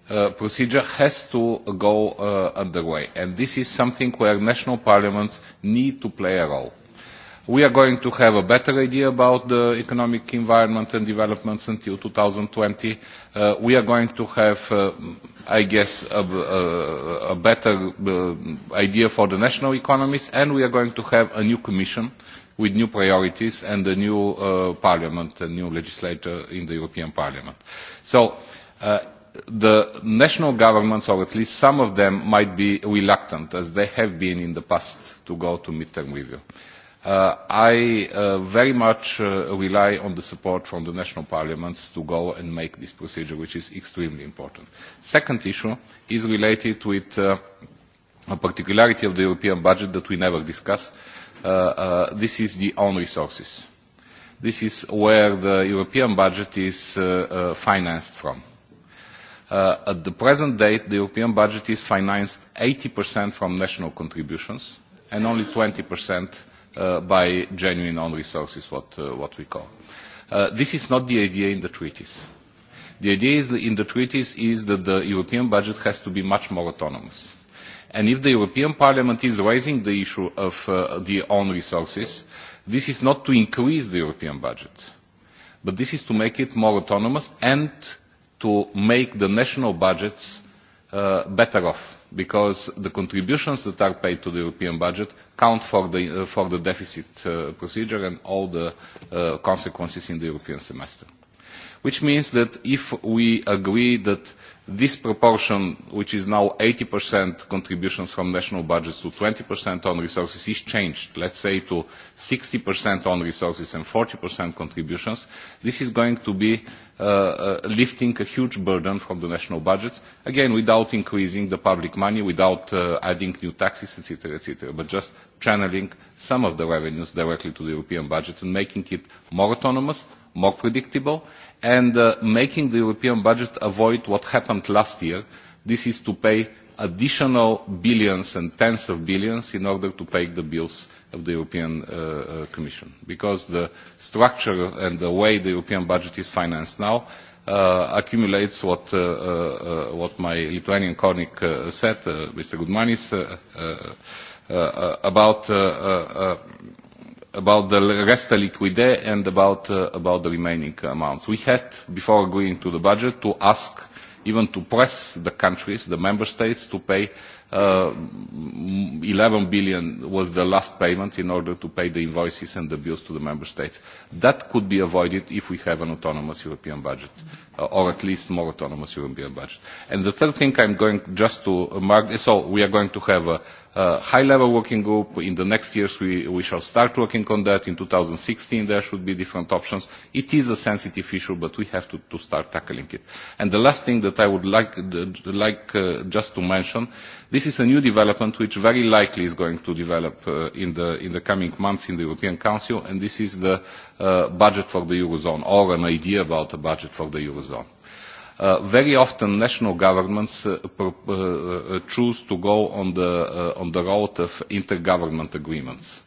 uh, procedure has to go uh, underway. And this is something where national parliaments need to play a role. We are going to have a better idea about the economic environment and developments until 2020. Uh, we are going to have, uh, I guess, a, a, a better uh, idea for the national economies, and we are going to have a new commission with new priorities and a new uh, parliament, a new legislature in the European Parliament. So uh, the national governments, or at least some of them, might be reluctant, as they have been in the past, to go to midterm review. Uh, Uh, I uh, very much uh, rely on the support from the national parliaments to go and make this procedure, which is extremely important. Second issue is related with uh, a particularity of the European budget that we never discuss. Uh, uh, this is the own resources. This is where the European budget is uh, uh, financed from. Uh, at the present date, the European budget is financed 80% from national contributions and only 20% uh, by genuine own resources, what, uh, what we call. Uh, this is not the idea in the treaties. The idea is in the treaties is that the European budget has to be much more autonomous. And if the European Parliament is raising the issue of uh, the own resources, this is not to increase the European budget, but this is to make it more autonomous and to make the national budgets uh, better off because the contributions that are paid to the European budget count for the, uh, for the deficit uh, procedure and all the uh, consequences in the European semester which means that if we agree that this proportion, which is now 80% contributions from national budgets to 20% on resources, is changed, let's say to 60% on resources and 40% contributions, this is going to be uh, uh, lifting a huge burden from the national budgets, again, without increasing the public money, without uh, adding new taxes, etc., etc., but just channeling some of the revenues directly to the European budget and making it more autonomous, more predictable, and uh, making the European budget avoid what happened last year. This is to pay additional billions and tens of billions in order to pay the bills of the European uh, uh, Commission. Because the structure and the way the European budget is financed now uh, accumulates what, uh, uh, uh, what my Lithuanian colleague uh, said, uh, Mr. Goodmanis, uh, uh, uh, about uh, uh, uh about the of liquide and about, uh, about the remaining amounts. We had, before agreeing to the budget, to ask, even to press the countries, the member states, to pay Uh, 11 billion was the last payment in order to pay the invoices and the bills to the member states. That could be avoided if we have an autonomous European budget, uh, or at least more autonomous European budget. And the third thing I'm going just to uh, mark, uh, so we are going to have a a high-level working group. In the next years, we, we shall start working on that. In 2016, there should be different options. It is a sensitive issue, but we have to, to start tackling it. And the last thing that I would like, like uh, just to mention This is a new development which very likely is going to develop uh, in, the, in the coming months in the European Council, and this is the uh, budget for the Eurozone, or an idea about a budget for the Eurozone. Uh, very often national governments uh, uh, uh, choose to go on the, uh, on the road of intergovernment agreements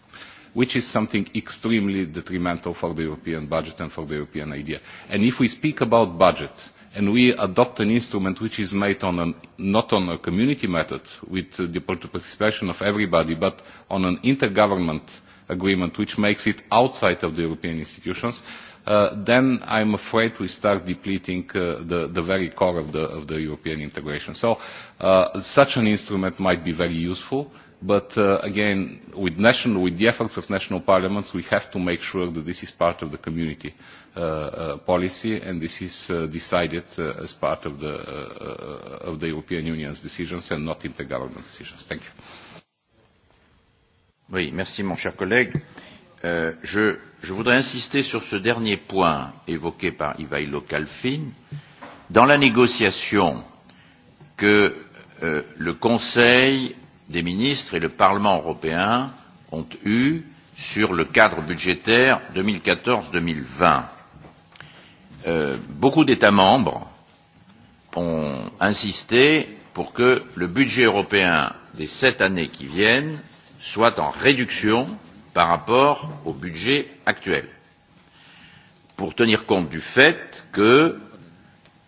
which is something extremely detrimental for the European budget and for the European idea. And if we speak about budget, uh, and we adopt an instrument which is made on an, not on a community method with the participation of everybody, but on an intergovernment agreement which makes it outside of the European institutions, uh, then I'm afraid we start depleting uh, the, the very core of the, of the European integration. So uh, such an instrument might be very useful, but uh, again, with, national, with the efforts of national parliaments, we have to make sure that this is part of the community Uh, uh, policy, and this is uh, decided uh, as part of the, uh, uh, of the European Union's decisions and not intergovernmental decisions. Thank you. Oui, merci mon cher collègue. Euh, je, je voudrais insister sur ce dernier point évoqué par Ivailo Calfin. Dans la négociation que euh, le Conseil des ministres et le Parlement européen ont eue sur le cadre budgétaire 2014-2020, Euh, beaucoup d'États membres ont insisté pour que le budget européen des sept années qui viennent soit en réduction par rapport au budget actuel, pour tenir compte du fait que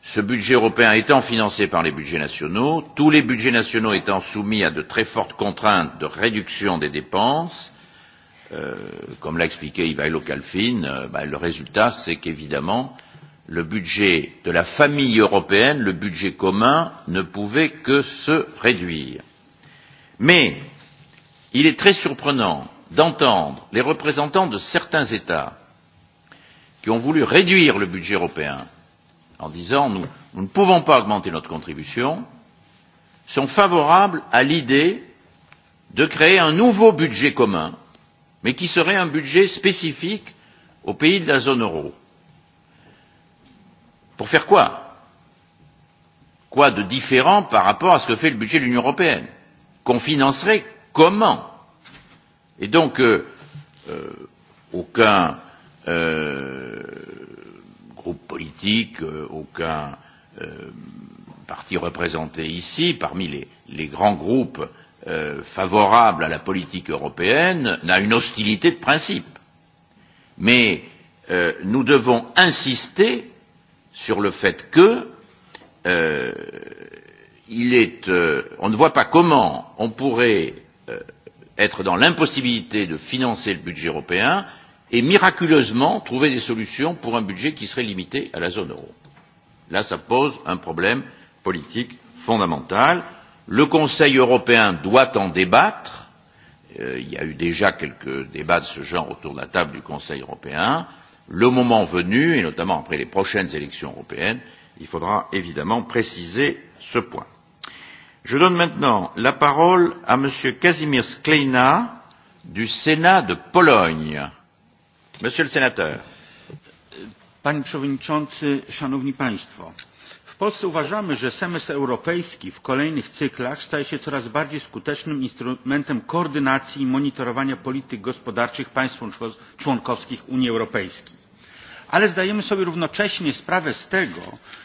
ce budget européen étant financé par les budgets nationaux, tous les budgets nationaux étant soumis à de très fortes contraintes de réduction des dépenses, euh, comme l'a expliqué Ivailo Calfin, euh, bah, le résultat c'est qu'évidemment euh, le budget de la famille européenne, le budget commun, ne pouvait que se réduire. Mais il est très surprenant d'entendre les représentants de certains États qui ont voulu réduire le budget européen en disant nous, nous ne pouvons pas augmenter notre contribution, sont favorables à l'idée de créer un nouveau budget commun, mais qui serait un budget spécifique aux pays de la zone euro. Pour faire quoi Quoi de différent par rapport à ce que fait le budget de l'Union européenne Qu'on financerait comment Et donc, euh, euh, aucun euh, groupe politique, euh, aucun euh, parti représenté ici, parmi les, les grands groupes euh, favorables à la politique européenne, n'a une hostilité de principe. Mais euh, nous devons insister sur le fait que euh, il est, euh, on ne voit pas comment on pourrait euh, être dans l'impossibilité de financer le budget européen et miraculeusement trouver des solutions pour un budget qui serait limité à la zone euro. Là, ça pose un problème politique fondamental. Le Conseil européen doit en débattre. Euh, il y a eu déjà quelques débats de ce genre autour de la table du Conseil européen. Euh, Le moment venu, et notamment après les prochaines élections européennes, il faudra évidemment préciser ce point. Je donne maintenant la parole à Monsieur Kazimierz Kleina du Sénat de Pologne. Monsieur le sénateur. Panie Przewodniczący, Szanowni Państwo, Polsce uważamy, że semestr europejski w kolejnych cyklach staje się coraz bardziej skutecznym instrumentem koordynacji i monitorowania polityk gospodarczych państw członkowskich Unii Europejskiej. Ale zdajemy sobie równocześnie sprawę z tego,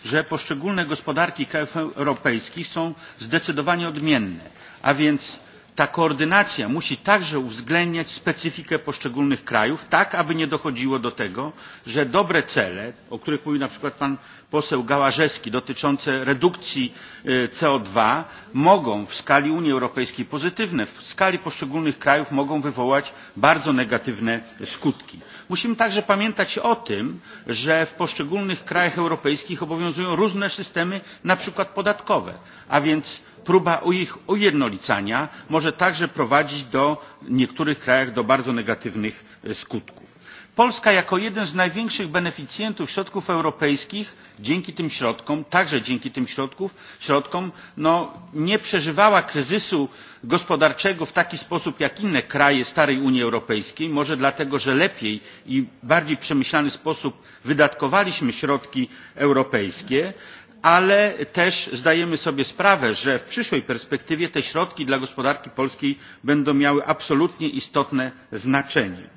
że poszczególne gospodarki krajów europejskich są zdecydowanie odmienne, a więc ta koordynacja musi także uwzględniać specyfikę poszczególnych krajów, tak aby nie dochodziło do tego, że dobre cele, o których mówił na przykład pan poseł Gałażewski dotyczące redukcji e, CO2 mogą w skali Unii Europejskiej pozytywne, w skali poszczególnych krajów mogą wywołać bardzo negatywne skutki. Musimy także pamiętać o tym, że w poszczególnych krajach europejskich obowiązują różne systemy, na przykład podatkowe, a więc próba ich ujednolicania może także prowadzić do w niektórych krajach do bardzo negatywnych skutków. Polska jako jeden z największych beneficjentów środków europejskich dzięki tym środkom, także dzięki tym środków, środkom no, nie przeżywała kryzysu gospodarczego w taki sposób jak inne kraje starej Unii Europejskiej, może dlatego, że lepiej i bardziej przemyślany sposób wydatkowaliśmy środki europejskie, ale też zdajemy sobie sprawę, że w przyszłej perspektywie te środki dla gospodarki polskiej będą miały absolutnie istotne znaczenie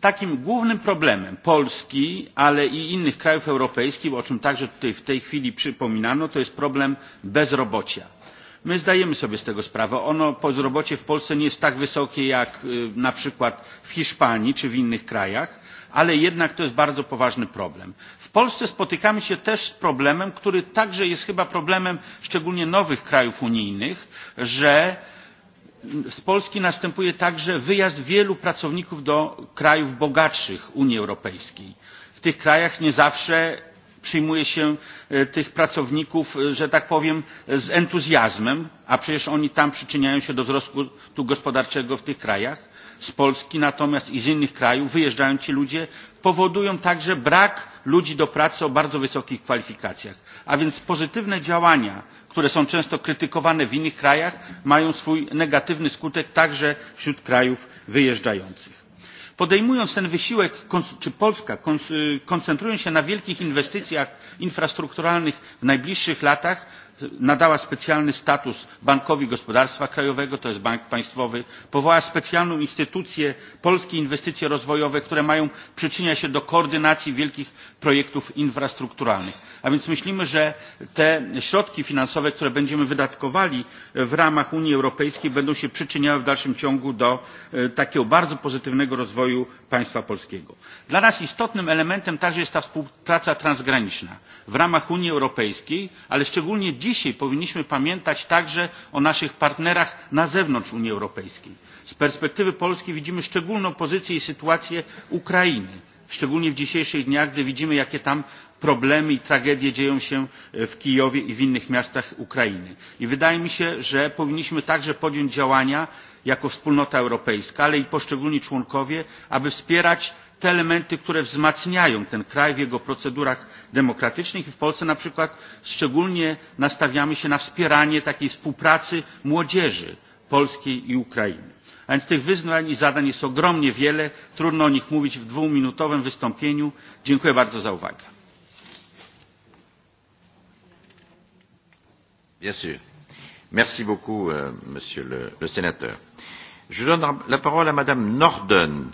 takim głównym problemem Polski, ale i innych krajów europejskich, o czym także tutaj w tej chwili przypominano, to jest problem bezrobocia. My zdajemy sobie z tego sprawę. Ono, bezrobocie w Polsce nie jest tak wysokie jak na przykład w Hiszpanii czy w innych krajach, ale jednak to jest bardzo poważny problem. W Polsce spotykamy się też z problemem, który także jest chyba problemem szczególnie nowych krajów unijnych, że z Polski następuje także wyjazd wielu pracowników do krajów bogatszych Unii Europejskiej. W tych krajach nie zawsze przyjmuje się e, tych pracowników, e, że tak powiem, z entuzjazmem, a przecież oni tam przyczyniają się do wzrostu gospodarczego w tych krajach z Polski, natomiast i z innych krajów wyjeżdżają ci ludzie, powodują także brak ludzi do pracy o bardzo wysokich kwalifikacjach. A więc pozytywne działania, które są często krytykowane w innych krajach, mają swój negatywny skutek także wśród krajów wyjeżdżających. Podejmując ten wysiłek, czy Polska koncentrując się na wielkich inwestycjach infrastrukturalnych w najbliższych latach, nadała specjalny status Bankowi Gospodarstwa Krajowego, to jest Bank Państwowy, powołała specjalną instytucję Polskie Inwestycje Rozwojowe, które mają przyczyniać się do koordynacji wielkich projektów infrastrukturalnych. A więc myślimy, że te środki finansowe, które będziemy wydatkowali w ramach Unii Europejskiej będą się przyczyniały w dalszym ciągu do e, takiego bardzo pozytywnego rozwoju państwa polskiego. Dla nas istotnym elementem także jest ta współpraca transgraniczna w ramach Unii Europejskiej, ale szczególnie dziś dzisiaj powinniśmy pamiętać także o naszych partnerach na zewnątrz Unii Europejskiej. Z perspektywy Polski widzimy szczególną pozycję i sytuację Ukrainy, szczególnie w dzisiejszych dniach, gdy widzimy, jakie tam problemy i tragedie dzieją się e, w Kijowie i w innych miastach Ukrainy. I wydaje mi się, że powinniśmy także podjąć działania jako wspólnota europejska, ale i poszczególni członkowie, aby wspierać te elementy, które wzmacniają ten kraj w jego procedurach demokratycznych i w Polsce na przykład szczególnie nastawiamy się na wspieranie takiej współpracy młodzieży polskiej i Ukrainy. A więc tych wyzwań i zadań jest ogromnie wiele, trudno o nich mówić w dwuminutowym wystąpieniu. Dziękuję bardzo za uwagę. Bien sûr. Merci beaucoup, euh, Monsieur le, le Sénateur. Je donne la parole à Madame Norden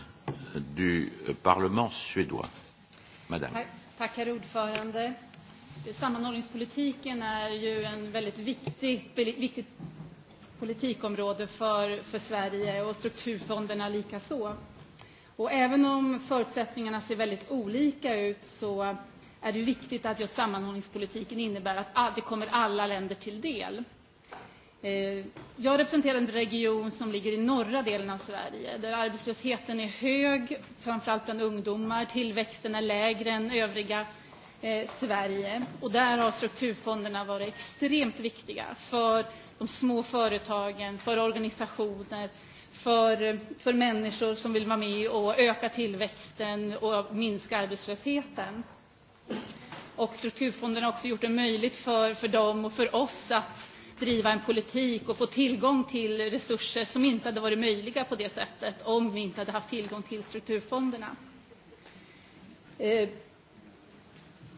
du Parlement suédois. Madame. Tack, herr ordförande. Sammanhållningspolitiken är ju en väldigt viktig, viktigt politikområde för, för Sverige och strukturfonderna så. Och även om förutsättningarna ser väldigt olika ut så är det viktigt att just sammanhållningspolitiken innebär att det kommer alla länder till del. Eh, jag representerar en region som ligger i norra delen av Sverige där arbetslösheten är hög, framförallt bland ungdomar. Tillväxten är lägre än övriga eh, Sverige. Och där har strukturfonderna varit extremt viktiga för de små företagen, för organisationer, för, för människor som vill vara med och öka tillväxten och minska arbetslösheten. Och strukturfonderna har också gjort det möjligt för, för dem och för oss att driva en politik och få tillgång till resurser som inte hade varit möjliga på det sättet om vi inte hade haft tillgång till strukturfonderna. Eh,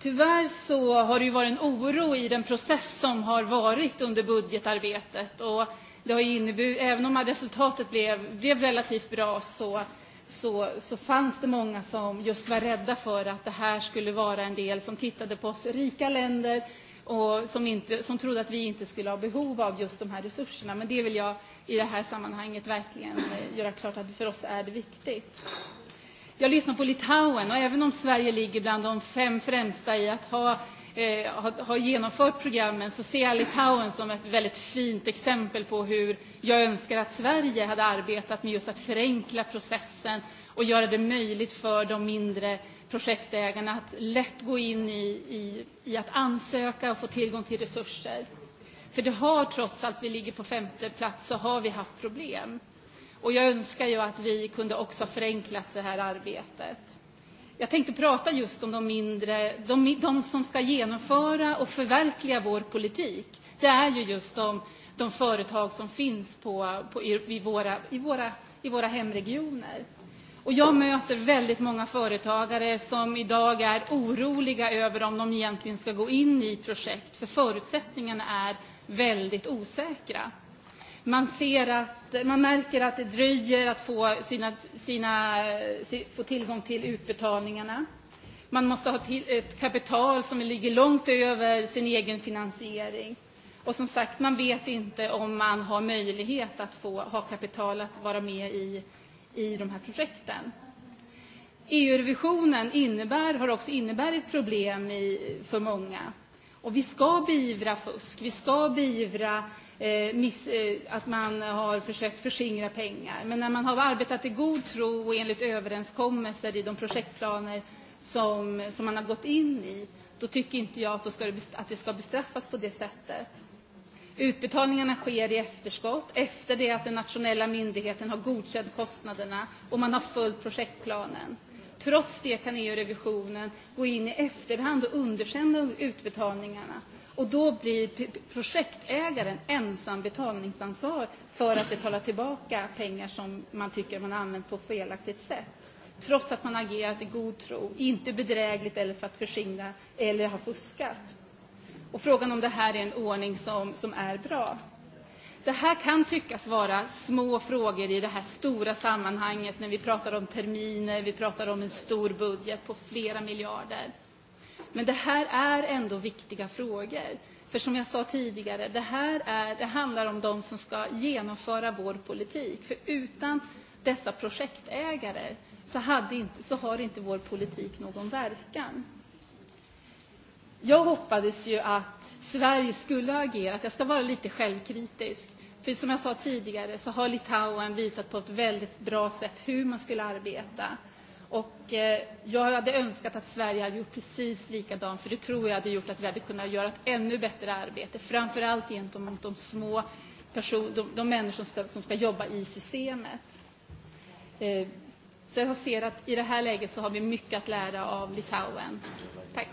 tyvärr så har det ju varit en oro i den process som har varit under budgetarbetet och det har inneburit, även om resultatet blev, blev relativt bra så så, så fanns det många som just var rädda för att det här skulle vara en del som tittade på oss rika länder och som, inte, som trodde att vi inte skulle ha behov av just de här resurserna. Men det vill jag i det här sammanhanget verkligen eh, göra klart att för oss är det viktigt. Jag lyssnar på Litauen och även om Sverige ligger bland de fem främsta i att ha eh, har, har genomfört programmen så ser jag Litauen som ett väldigt fint exempel på hur jag önskar att Sverige hade arbetat med just att förenkla processen och göra det möjligt för de mindre projektägarna att lätt gå in i, i, i att ansöka och få tillgång till resurser. För det har trots allt, vi ligger på femte plats, så har vi haft problem. Och jag önskar ju att vi kunde också förenklat det här arbetet. Jag tänkte prata just om de mindre, de, de som ska genomföra och förverkliga vår politik. Det är ju just de, de företag som finns på, på, i, våra, i, våra, i våra hemregioner. Och jag möter väldigt många företagare som idag är oroliga över om de egentligen ska gå in i projekt, för förutsättningarna är väldigt osäkra. Man, ser att, man märker att det dröjer att få, sina, sina, eh, få tillgång till utbetalningarna. Man måste ha till ett kapital som ligger långt över sin egen finansiering. Och som sagt, man vet inte om man har möjlighet att få, ha kapital att vara med i, i de här projekten. EU-revisionen innebär, har också inneburit problem i, för många. Och vi ska beivra fusk, vi ska beivra eh, miss, eh, att man har försökt försingra pengar. Men när man har arbetat i god tro och enligt överenskommelser i de projektplaner som, som man har gått in i, då tycker inte jag att, då ska det, att det ska bestraffas på det sättet. Utbetalningarna sker i efterskott, efter det att den nationella myndigheten har godkänt kostnaderna och man har följt projektplanen. Trots det kan EU-revisionen gå in i efterhand och underkänna utbetalningarna Och då blir projektägaren ensam betalningsansvar för att betala tillbaka pengar som man tycker man har använt på felaktigt sätt. Trots att man agerat i god tro, inte bedrägligt eller för att förskingra eller ha fuskat. Och frågan om det här är en ordning som, som är bra. Det här kan tyckas vara små frågor i det här stora sammanhanget när vi pratar om terminer, vi pratar om en stor budget på flera miljarder. Men det här är ändå viktiga frågor. För som jag sa tidigare, det här är, det handlar om de som ska genomföra vår politik. För utan dessa projektägare så, hade inte, så har inte vår politik någon verkan. Jag hoppades ju att Sverige skulle agera att Jag ska vara lite självkritisk. För som jag sa tidigare så har Litauen visat på ett väldigt bra sätt hur man skulle arbeta. Och eh, jag hade önskat att Sverige hade gjort precis likadant, för det tror jag hade gjort att vi hade kunnat göra ett ännu bättre arbete, framförallt gentemot de små person, de, de människor som ska, som ska jobba i systemet. Eh, så jag ser att i det här läget så har vi mycket att lära av Litauen. Tack.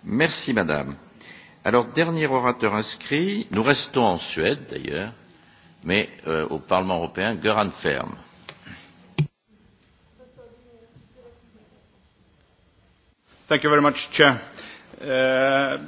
Merci madame. Alors dernier orateur inscrit, nous restons en Suède d'ailleurs, mais euh, au Parlement européen, Göran Ferm. Thank you very much, Chair. Uh,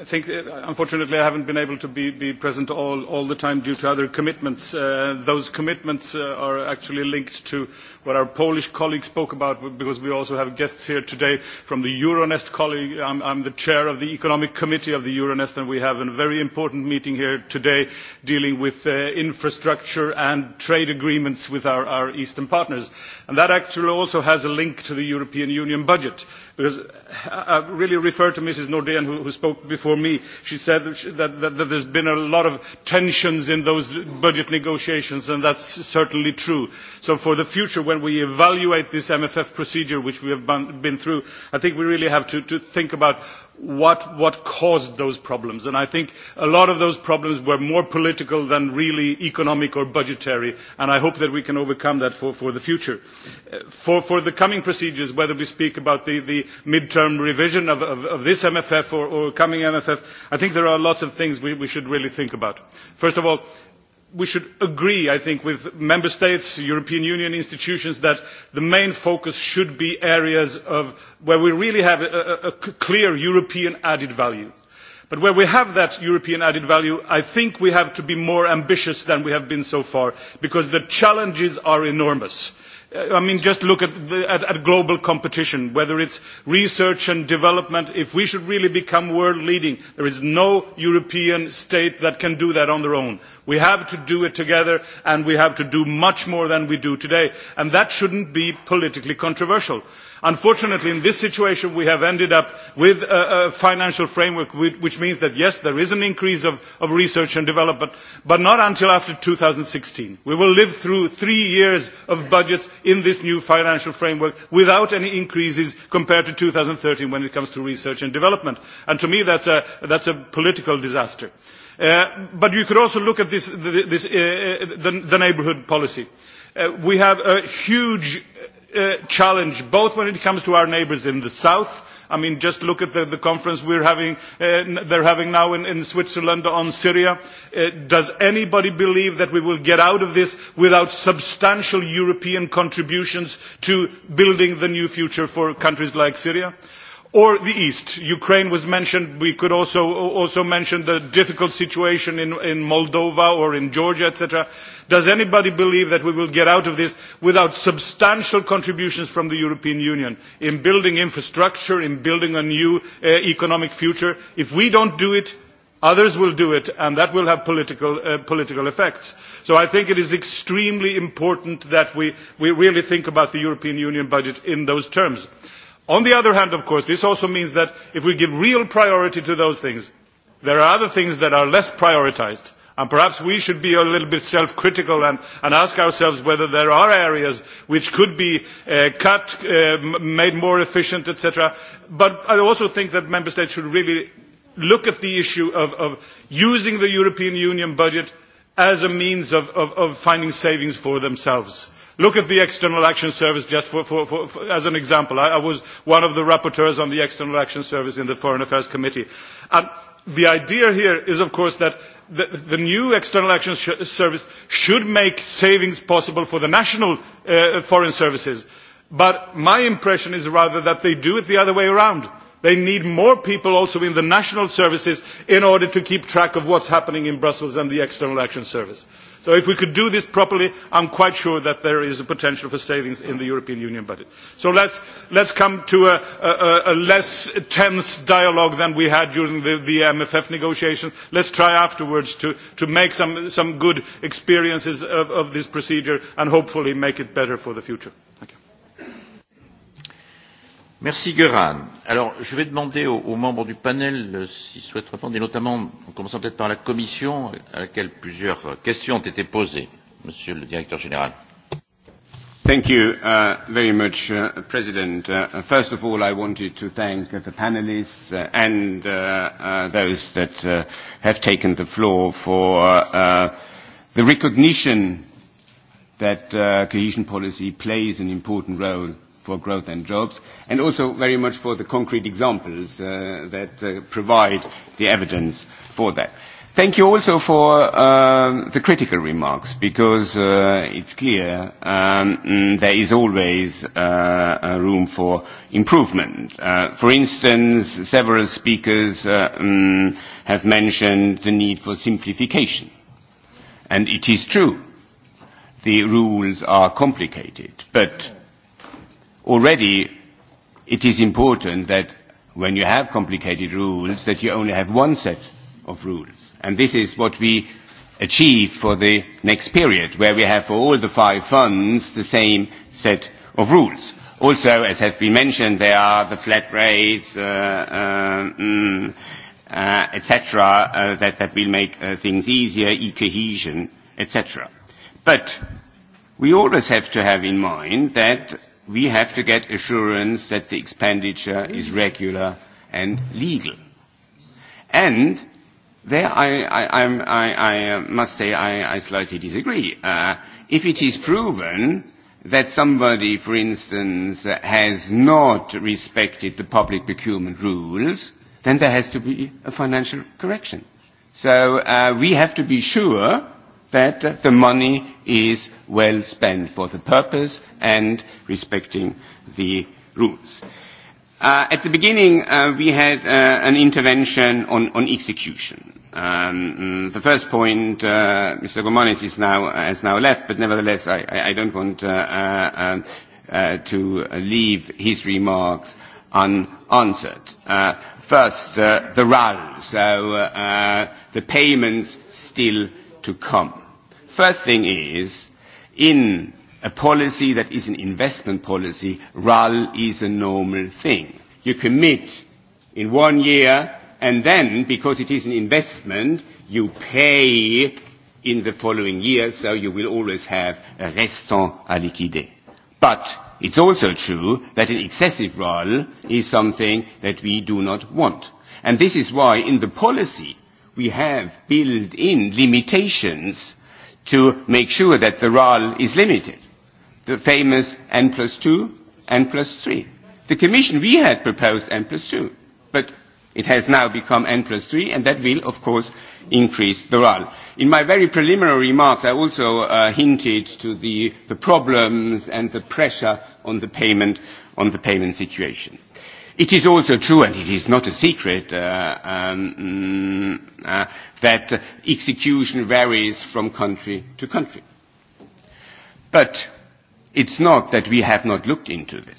I think, uh, unfortunately, I haven't been able to be, be present all, all the time due to other commitments. Uh, those commitments uh, are actually linked to what our Polish colleague spoke about, because we also have guests here today from the Euronest colleague. I'm, I'm the chair of the Economic Committee of the Euronest, and we have a very important meeting here today dealing with uh, infrastructure and trade agreements with our, our Eastern partners. And that actually also has a link to the European Union budget, because I uh, uh, really refer to Mrs. Nordean, who, who spoke before before me, she said that, that, that there's been a lot of tensions in those budget negotiations, and that's certainly true. So for the future, when we evaluate this MFF procedure, which we have been through, I think we really have to, to think about what, what caused those problems. And I think a lot of those problems were more political than really economic or budgetary, and I hope that we can overcome that for, for the future. Uh, for, for the coming procedures, whether we speak about the, the midterm revision of, of, of this MFF or, or coming MFF, I think there are lots of things we, we should really think about. First of all, we should agree, I think, with member states, European Union institutions, that the main focus should be areas of where we really have a, a, a clear European added value. But where we have that European added value, I think we have to be more ambitious than we have been so far, because the challenges are enormous I mean, just look at, the, at, at global competition, whether it's research and development. If we should really become world leading, there is no European state that can do that on their own. We have to do it together, and we have to do much more than we do today. And that shouldn't be politically controversial. Unfortunately, in this situation, we have ended up with a, a financial framework, which means that, yes, there is an increase of, of research and development, but not until after 2016. We will live through three years of budgets in this new financial framework without any increases compared to 2013 when it comes to research and development. And to me, that's a, that's a political disaster. Uh, but you could also look at this, this, uh, the, the neighbourhood policy. Uh, we have a huge uh, challenge, both when it comes to our neighbours in the south. I mean, just look at the, the conference we're having, uh, they're having now in, in Switzerland on Syria. Uh, does anybody believe that we will get out of this without substantial European contributions to building the new future for countries like Syria? or the east ukraine was mentioned we could also also mention the difficult situation in in moldova or in georgia etc does anybody believe that we will get out of this without substantial contributions from the european union in building infrastructure in building a new uh, economic future if we don't do it others will do it and that will have political uh, political effects so i think it is extremely important that we we really think about the european union budget in those terms On the other hand, of course, this also means that if we give real priority to those things, there are other things that are less prioritized. And perhaps we should be a little bit self-critical and, and ask ourselves whether there are areas which could be uh, cut, uh, made more efficient, etc. But I also think that member states should really look at the issue of, of using the European Union budget as a means of, of, of finding savings for themselves Look at the External Action Service just for, for, for, for, as an example. I, I was one of the rapporteurs on the External Action Service in the Foreign Affairs Committee. And the idea here is, of course, that the, the new External Action sh Service should make savings possible for the national uh, foreign services. But my impression is rather that they do it the other way around. They need more people also in the national services in order to keep track of what's happening in Brussels and the External Action Service. So if we could do this properly, I'm quite sure that there is a potential for savings in the European Union budget. So let's, let's come to a, a, a less tense dialogue than we had during the, the MFF negotiations. Let's try afterwards to, to make some, some good experiences of, of this procedure and hopefully make it better for the future. Thank you. Merci Göran. Alors, je vais demander aux, aux membres du panel euh, s'ils souhaitent répondre, et notamment, en commençant peut-être par la commission, à laquelle plusieurs questions ont été posées. Monsieur le directeur général. Thank you uh, very much, uh, President. Uh, first of all, I wanted to thank uh, the panelists uh, and uh, uh, those that uh, have taken the floor for uh, uh, the recognition that uh, cohesion policy plays an important role for growth and jobs, and also very much for the concrete examples uh, that uh, provide the evidence for that. Thank you also for uh, the critical remarks because uh, it's clear um, mm, there is always uh, a room for improvement. Uh, for instance, several speakers uh, um, have mentioned the need for simplification. And it is true, the rules are complicated, but already it is important that when you have complicated rules that you only have one set of rules. And this is what we achieve for the next period, where we have for all the five funds the same set of rules. Also, as has been mentioned, there are the flat rates, uh, uh, mm, uh, etc., uh, that, that will make uh, things easier, e-cohesion, etc. But we always have to have in mind that we have to get assurance that the expenditure is regular and legal. And there I, I, I'm, I, I uh, must say I, I slightly disagree. Uh, if it is proven that somebody, for instance, uh, has not respected the public procurement rules, then there has to be a financial correction. So uh, we have to be sure that the money is well spent for the purpose and respecting the rules. Uh, at the beginning, uh, we had uh, an intervention on, on execution. Um, the first point, uh, Mr. Gomanis is now, has now left, but nevertheless, I, I, I don't want uh, uh, um, uh, to leave his remarks unanswered. Uh, first, uh, the RAL, so uh, uh, the payments still to come. First thing is, in a policy that is an investment policy, RAL is a normal thing. You commit in one year, and then, because it is an investment, you pay in the following year, so you will always have a restant à liquider. But it's also true that an excessive RAL is something that we do not want. And this is why in the policy we have built in limitations to make sure that the RAL is limited, the famous N plus 2, N plus 3. The Commission, we had proposed N plus 2, but it has now become N plus 3, and that will, of course, increase the RAL. In my very preliminary remarks, I also uh, hinted to the, the problems and the pressure on the payment, on the payment situation. It is also true, and it is not a secret, uh, um, mm, uh, that execution varies from country to country. But it's not that we have not looked into this.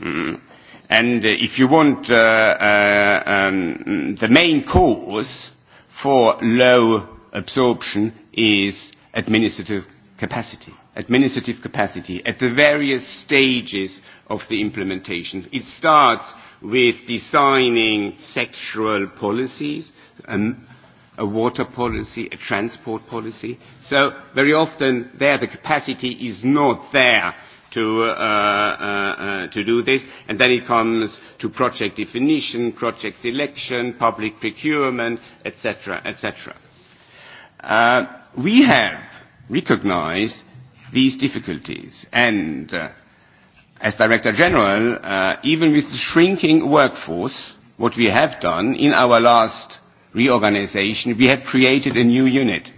Mm. And uh, if you want uh, uh, um, the main cause for low absorption is administrative capacity, administrative capacity at the various stages of the implementation. It starts with designing sexual policies, um, a water policy, a transport policy. So very often there the capacity is not there to, uh, uh, uh, to do this. And then it comes to project definition, project selection, public procurement, etc., etc. Uh, we have recognized these difficulties and uh, as Director General, uh, even with the shrinking workforce, what we have done in our last reorganization, we have created a new unit,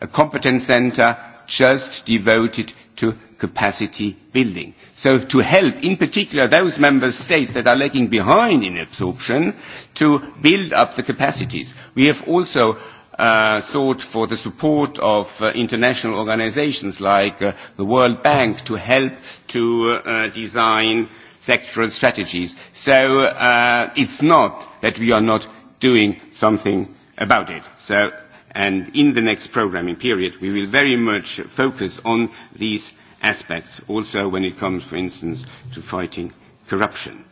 a competence center just devoted to capacity building. So to help, in particular, those member states that are lagging behind in absorption to build up the capacities. We have also uh, sought for the support of uh, international organizations like uh, the World Bank to help to uh, design sectoral strategies. So uh, it's not that we are not doing something about it. So, and in the next programming period, we will very much focus on these aspects, also when it comes, for instance, to fighting corruption.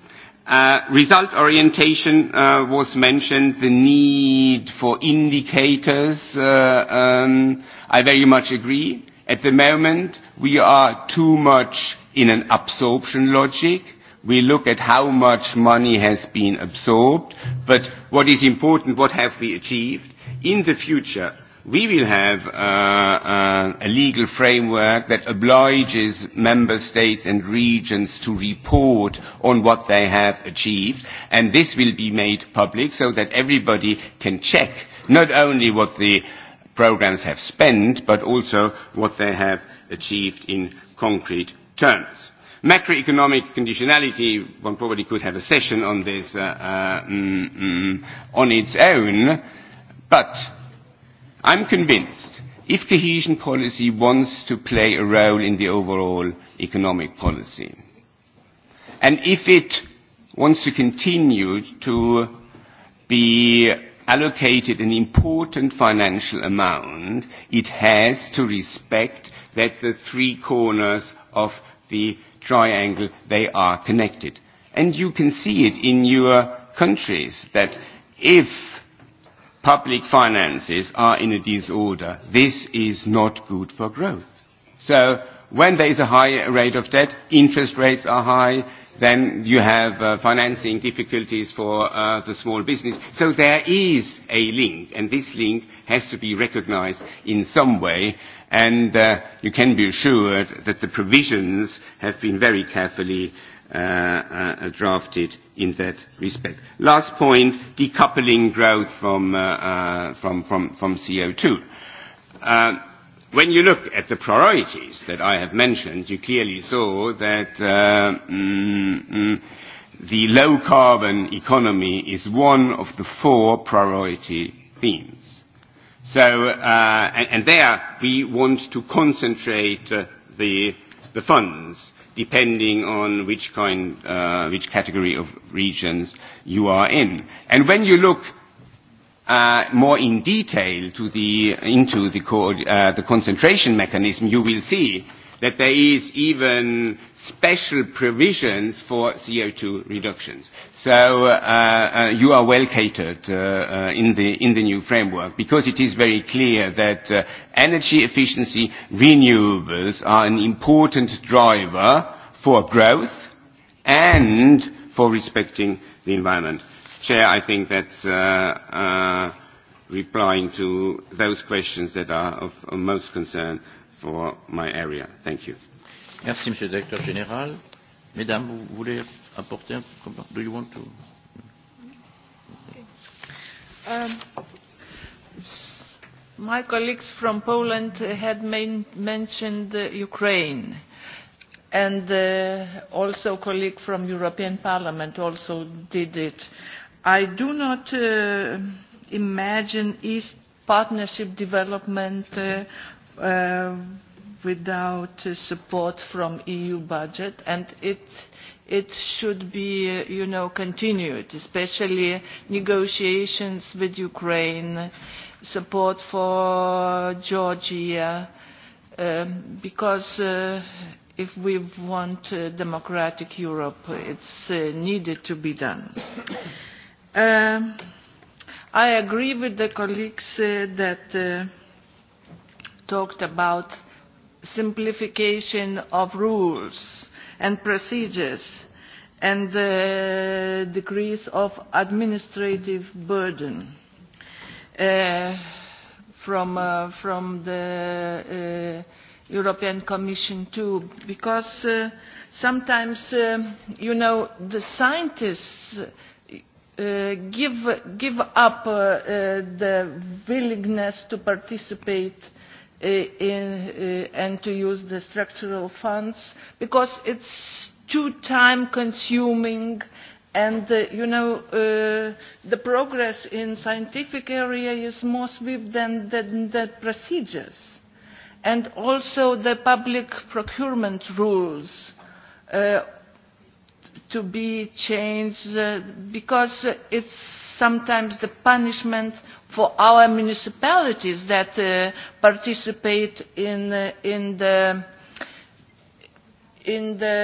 Uh, result orientation uh, was mentioned, the need for indicators. Uh, um, I very much agree. At the moment, we are too much in an absorption logic. We look at how much money has been absorbed, but what is important, what have we achieved? In the future, we will have uh, uh, a legal framework that obliges member states and regions to report on what they have achieved, and this will be made public so that everybody can check not only what the programs have spent, but also what they have achieved in concrete terms. Macroeconomic conditionality, one probably could have a session on this uh, uh, mm, mm, on its own, but I'm convinced if cohesion policy wants to play a role in the overall economic policy, and if it wants to continue to be allocated an important financial amount, it has to respect that the three corners of the triangle, they are connected. And you can see it in your countries that if public finances are in a disorder, this is not good for growth. So when there is a high rate of debt, interest rates are high, then you have uh, financing difficulties for uh, the small business. So there is a link, and this link has to be recognized in some way, and uh, you can be assured that the provisions have been very carefully uh, uh, uh, drafted in that respect. Last point, decoupling growth from, uh, uh, from, from, from CO2. Uh, when you look at the priorities that I have mentioned, you clearly saw that uh, mm, mm, the low carbon economy is one of the four priority themes. So, uh, and, and there we want to concentrate uh, the, the funds depending on which kind, uh, which category of regions you are in. And when you look uh, more in detail to the, into the, co uh, the concentration mechanism, you will see that there is even special provisions for CO2 reductions. So uh, uh, you are well catered uh, uh, in, the, in the new framework because it is very clear that uh, energy efficiency renewables are an important driver for growth and for respecting the environment. Chair, I think that's uh, uh, replying to those questions that are of, of most concern for my area. Thank you. Merci, Monsieur le Directeur Général. Mesdames, vous voulez apporter un comment Do you want to? Um, my colleagues from Poland had main, mentioned uh, Ukraine and uh, also a colleague from European Parliament also did it. I do not uh, imagine East partnership development uh, uh, without uh, support from EU budget and it it should be uh, you know continued especially negotiations with Ukraine support for Georgia uh, because uh, if we want a uh, democratic Europe it's uh, needed to be done um, I agree with the colleagues uh, that uh, talked about simplification of rules and procedures and the decrease of administrative burden uh, from, uh, from the uh, European Commission too, because uh, sometimes, uh, you know, the scientists uh, give, give up uh, uh, the willingness to participate Uh, in, uh, and to use the structural funds because it's too time consuming and uh, you know uh, the progress in scientific area is more swift than, the, the procedures and also the public procurement rules uh, to be changed uh, because it's sometimes the punishment for our municipalities that uh, participate in, uh, in the, in the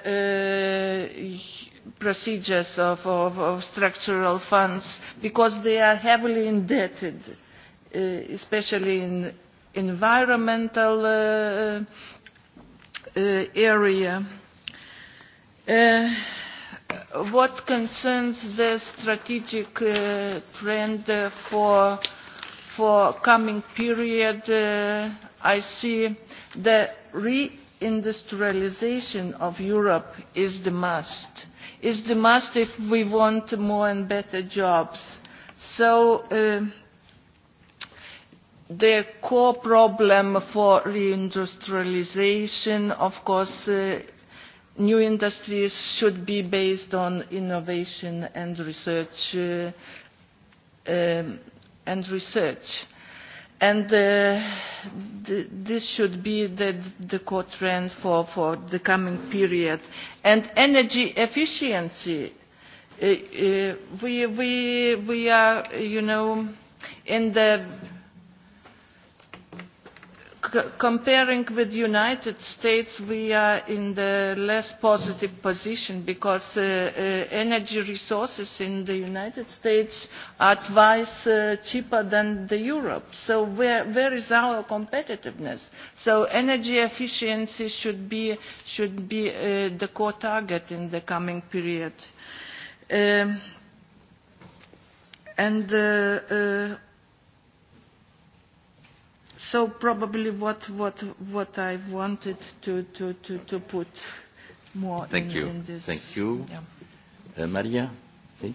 uh, procedures of, of, of structural funds because they are heavily indebted, uh, especially in environmental uh, uh, area. Uh, what concerns the strategic uh, trend uh, for, for coming period, uh, I see the reindustrialization of Europe is the must. Is the must if we want more and better jobs. So uh, the core problem for reindustrialization, of course, uh, new industries should be based on innovation and research uh, um, and research and uh, th this should be the, the core trend for, for the coming period and energy efficiency uh, uh, we, we, we are you know in the comparing with United States, we are in the less positive position because uh, uh, energy resources in the United States are twice uh, cheaper than the Europe. So where, where is our competitiveness? So energy efficiency should be, should be uh, the core target in the coming period. Um, and uh, uh, so probably what, what, what I wanted to, to, to, to put more Thank in, you. in this. Thank you. Yeah. Uh, Maria, sí.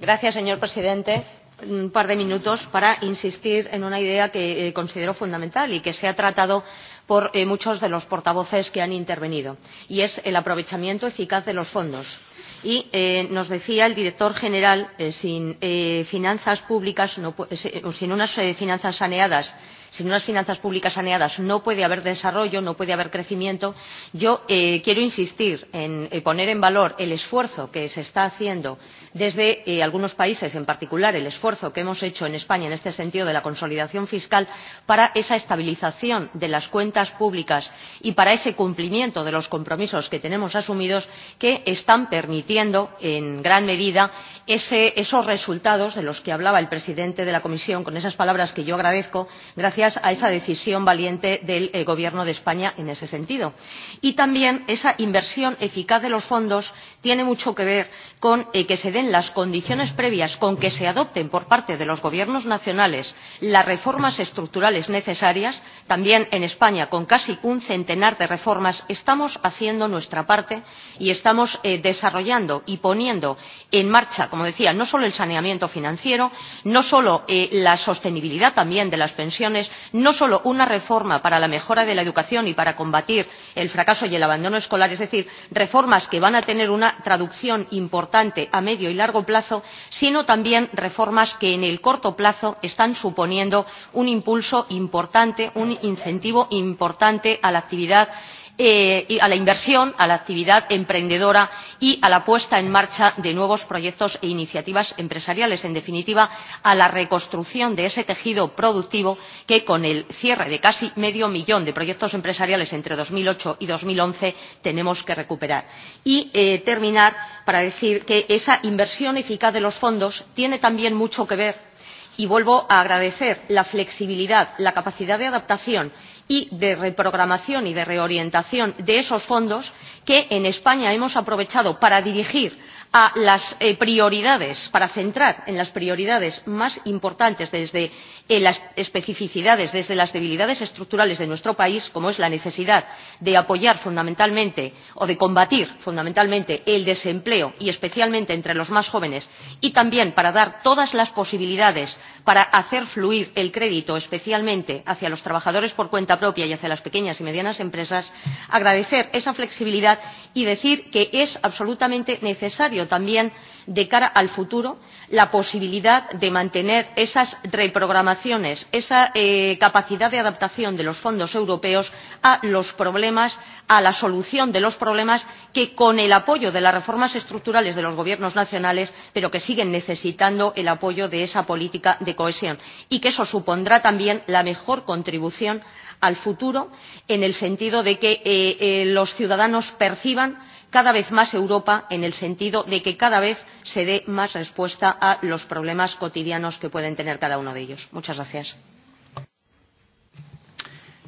Gracias, señor presidente. Un par de minutos para insistir en una idea que eh, considero fundamental y que se ha tratado por eh, muchos de los portavoces que han intervenido, y es el aprovechamiento eficaz de los fondos y eh, nos decía el director general eh, sin eh, finanzas públicas, no, eh, sin unas eh, finanzas saneadas Sin unas finanzas públicas saneadas no puede haber desarrollo, no puede haber crecimiento. Yo eh, quiero insistir en eh, poner en valor el esfuerzo que se está haciendo desde eh, algunos países, en particular el esfuerzo que hemos hecho en España en este sentido de la consolidación fiscal para esa estabilización de las cuentas públicas y para ese cumplimiento de los compromisos que tenemos asumidos que están permitiendo en gran medida ese, esos resultados de los que hablaba el presidente de la Comisión con esas palabras que yo agradezco gracias gracias a esa decisión valiente del eh, Gobierno de España en ese sentido. Y también esa inversión eficaz de los fondos tiene mucho que ver con eh, que se den las condiciones previas, con que se adopten por parte de los gobiernos nacionales las reformas estructurales necesarias. También en España, con casi un centenar de reformas, estamos haciendo nuestra parte y estamos eh, desarrollando y poniendo en marcha, como decía, no solo el saneamiento financiero, no solo eh, la sostenibilidad también de las pensiones, no solo una reforma para la mejora de la educación y para combatir el fracaso y el abandono escolar, es decir, reformas que van a tener una traducción importante a medio y largo plazo, sino también reformas que en el corto plazo están suponiendo un impulso importante, un incentivo importante a la actividad eh, y a la inversión, a la actividad emprendedora y a la puesta en marcha de nuevos proyectos e iniciativas empresariales, en definitiva, a la reconstrucción de ese tejido productivo que con el cierre de casi medio millón de proyectos empresariales entre 2008 y 2011 tenemos que recuperar. Y eh, terminar para decir que esa inversión eficaz de los fondos tiene también mucho que ver y vuelvo a agradecer la flexibilidad, la capacidad de adaptación y de reprogramación y de reorientación de esos fondos que en España hemos aprovechado para dirigir a las eh, prioridades, para centrar en las prioridades más importantes desde en las especificidades desde las debilidades estructurales de nuestro país, como es la necesidad de apoyar fundamentalmente o de combatir fundamentalmente el desempleo y especialmente entre los más jóvenes y también para dar todas las posibilidades para hacer fluir el crédito especialmente hacia los trabajadores por cuenta propia y hacia las pequeñas y medianas empresas, agradecer esa flexibilidad y decir que es absolutamente necesario también de cara al futuro la posibilidad de mantener esas reprogramaciones, esa eh, capacidad de adaptación de los fondos europeos a los problemas, a la solución de los problemas que con el apoyo de las reformas estructurales de los gobiernos nacionales, pero que siguen necesitando el apoyo de esa política de cohesión y que eso supondrá también la mejor contribución al futuro en el sentido de que eh, eh, los ciudadanos perciban cada vez más Europa en el sentido de que cada vez se dé más respuesta a los problemas cotidianos que pueden tener cada uno de ellos. Muchas gracias.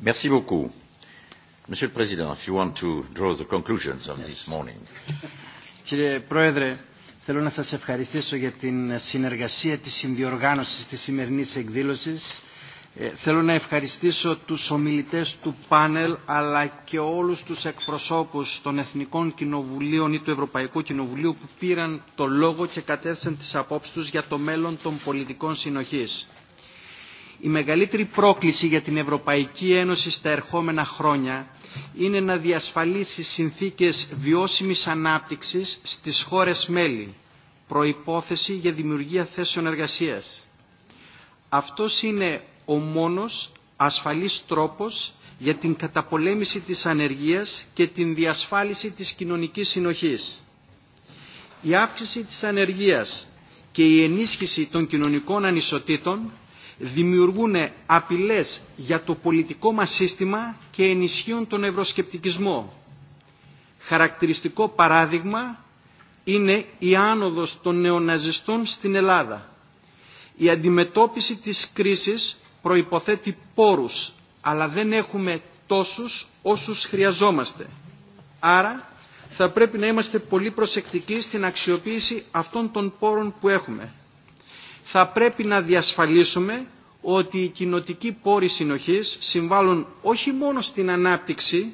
Merci beaucoup. Monsieur le Président, if you want to draw the conclusions of yes. this morning. Κύριε Πρόεδρε, θέλω να σας ευχαριστήσω για την συνεργασία της συνδιοργάνωσης της σημερινής εκδήλωσης Ε, θέλω να ευχαριστήσω τους ομιλητές του πάνελ αλλά και όλους τους εκπροσώπους των Εθνικών Κοινοβουλίων ή του Ευρωπαϊκού Κοινοβουλίου που πήραν το λόγο και κατέθεσαν τις απόψεις τους για το μέλλον των πολιτικών συνοχής. Η μεγαλύτερη πρόκληση για την Ευρωπαϊκή Ένωση στα ερχόμενα χρόνια είναι να διασφαλίσει συνθήκες βιώσιμης ανάπτυξης στις χώρες μέλη, προϋπόθεση για δημιουργία θέσεων εργασίας. Αυτός είναι ο μόνος ασφαλής τρόπος για την καταπολέμηση της ανεργίας και την διασφάλιση της κοινωνικής συνοχής. Η αύξηση της ανεργίας και η ενίσχυση των κοινωνικών ανισοτήτων δημιουργούν απειλές για το πολιτικό μας σύστημα και ενισχύουν τον ευρωσκεπτικισμό. Χαρακτηριστικό παράδειγμα είναι η άνοδος των νεοναζιστών στην Ελλάδα. Η αντιμετώπιση της κρίσης προϋποθέτει πόρους, αλλά δεν έχουμε τόσους όσους χρειαζόμαστε. Άρα θα πρέπει να είμαστε πολύ προσεκτικοί στην αξιοποίηση αυτών των πόρων που έχουμε. Θα πρέπει να διασφαλίσουμε ότι οι κοινοτικοί πόροι συνοχής συμβάλλουν όχι μόνο στην ανάπτυξη,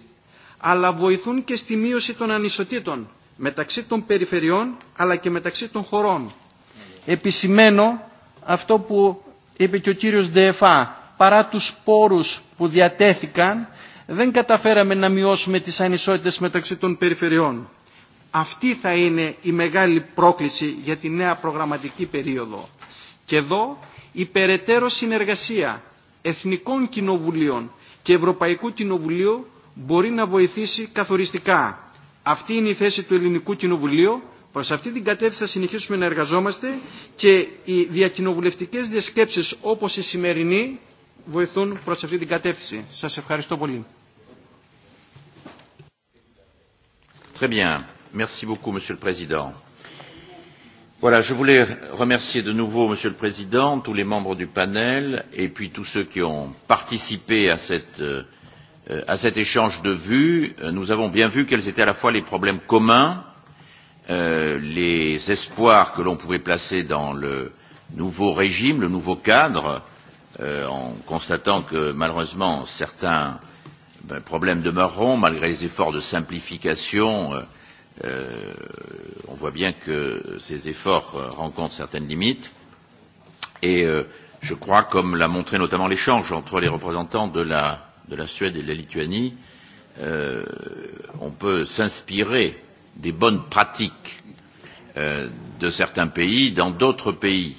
αλλά βοηθούν και στη μείωση των ανισοτήτων μεταξύ των περιφερειών αλλά και μεταξύ των χωρών. Επισημένω αυτό που είπε και ο κύριος ΔΕΕΦΑ, παρά τους πόρους που διατέθηκαν, δεν καταφέραμε να μειώσουμε τις ανισότητες μεταξύ των περιφερειών. Αυτή θα είναι η μεγάλη πρόκληση για τη νέα προγραμματική περίοδο. Και εδώ η περαιτέρω συνεργασία εθνικών κοινοβουλίων και Ευρωπαϊκού Κοινοβουλίου μπορεί να βοηθήσει καθοριστικά. Αυτή είναι η θέση του Ελληνικού Κοινοβουλίου Προς αυτή την κατεύθυνση θα συνεχίσουμε να εργαζόμαστε και οι διακοινοβουλευτικές διασκέψεις όπως οι σημερινοί βοηθούν προς αυτή την κατεύθυνση. Σας ευχαριστώ πολύ. Très bien. Merci beaucoup, Monsieur le Président. Voilà, je voulais remercier de nouveau, Monsieur le Président, tous les membres du panel et puis tous ceux qui ont participé à, cette, euh, à cet échange de vues. Nous avons bien vu quels étaient à la fois les problèmes communs Euh, les espoirs que l'on pouvait placer dans le nouveau régime, le nouveau cadre, euh, en constatant que malheureusement certains ben, problèmes demeureront malgré les efforts de simplification. Euh, euh, on voit bien que ces efforts euh, rencontrent certaines limites et euh, je crois, comme l'a montré notamment l'échange entre les représentants de la, de la Suède et de la Lituanie, euh, on peut s'inspirer des bonnes pratiques euh, de certains pays dans d'autres pays.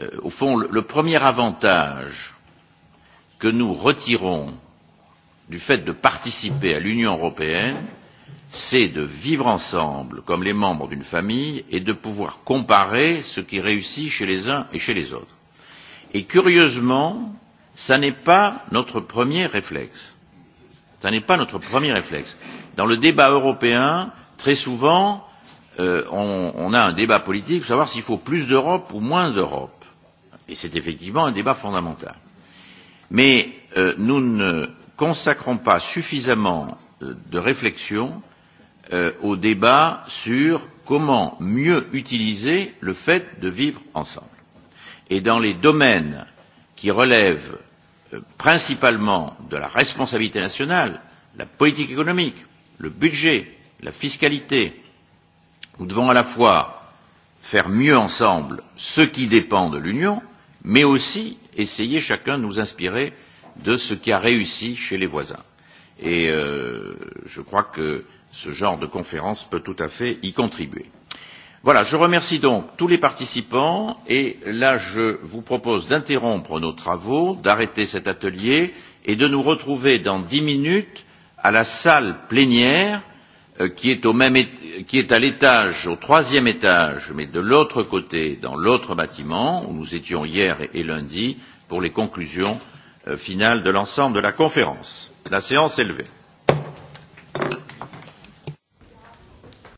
Euh, au fond, le, le premier avantage que nous retirons du fait de participer à l'Union européenne, c'est de vivre ensemble comme les membres d'une famille et de pouvoir comparer ce qui réussit chez les uns et chez les autres. Et curieusement, ça n'est pas notre premier réflexe. Ça n'est pas notre premier réflexe. Dans le débat européen, très souvent, euh, on, on a un débat politique pour savoir s'il faut plus d'Europe ou moins d'Europe. Et c'est effectivement un débat fondamental. Mais euh, nous ne consacrons pas suffisamment euh, de réflexion euh, au débat sur comment mieux utiliser le fait de vivre ensemble. Et dans les domaines qui relèvent euh, principalement de la responsabilité nationale, la politique économique, le budget, la fiscalité. Nous devons à la fois faire mieux ensemble ce qui dépend de l'Union, mais aussi essayer chacun de nous inspirer de ce qui a réussi chez les voisins. Et euh, je crois que ce genre de conférence peut tout à fait y contribuer. Voilà, je remercie donc tous les participants et là je vous propose d'interrompre nos travaux, d'arrêter cet atelier et de nous retrouver dans dix minutes à la salle plénière Euh, qui est, au même, qui est à l'étage, au troisième étage, mais de l'autre côté, dans l'autre bâtiment, où nous étions hier et, et lundi, pour les conclusions euh, finales de l'ensemble de la conférence. La séance est levée.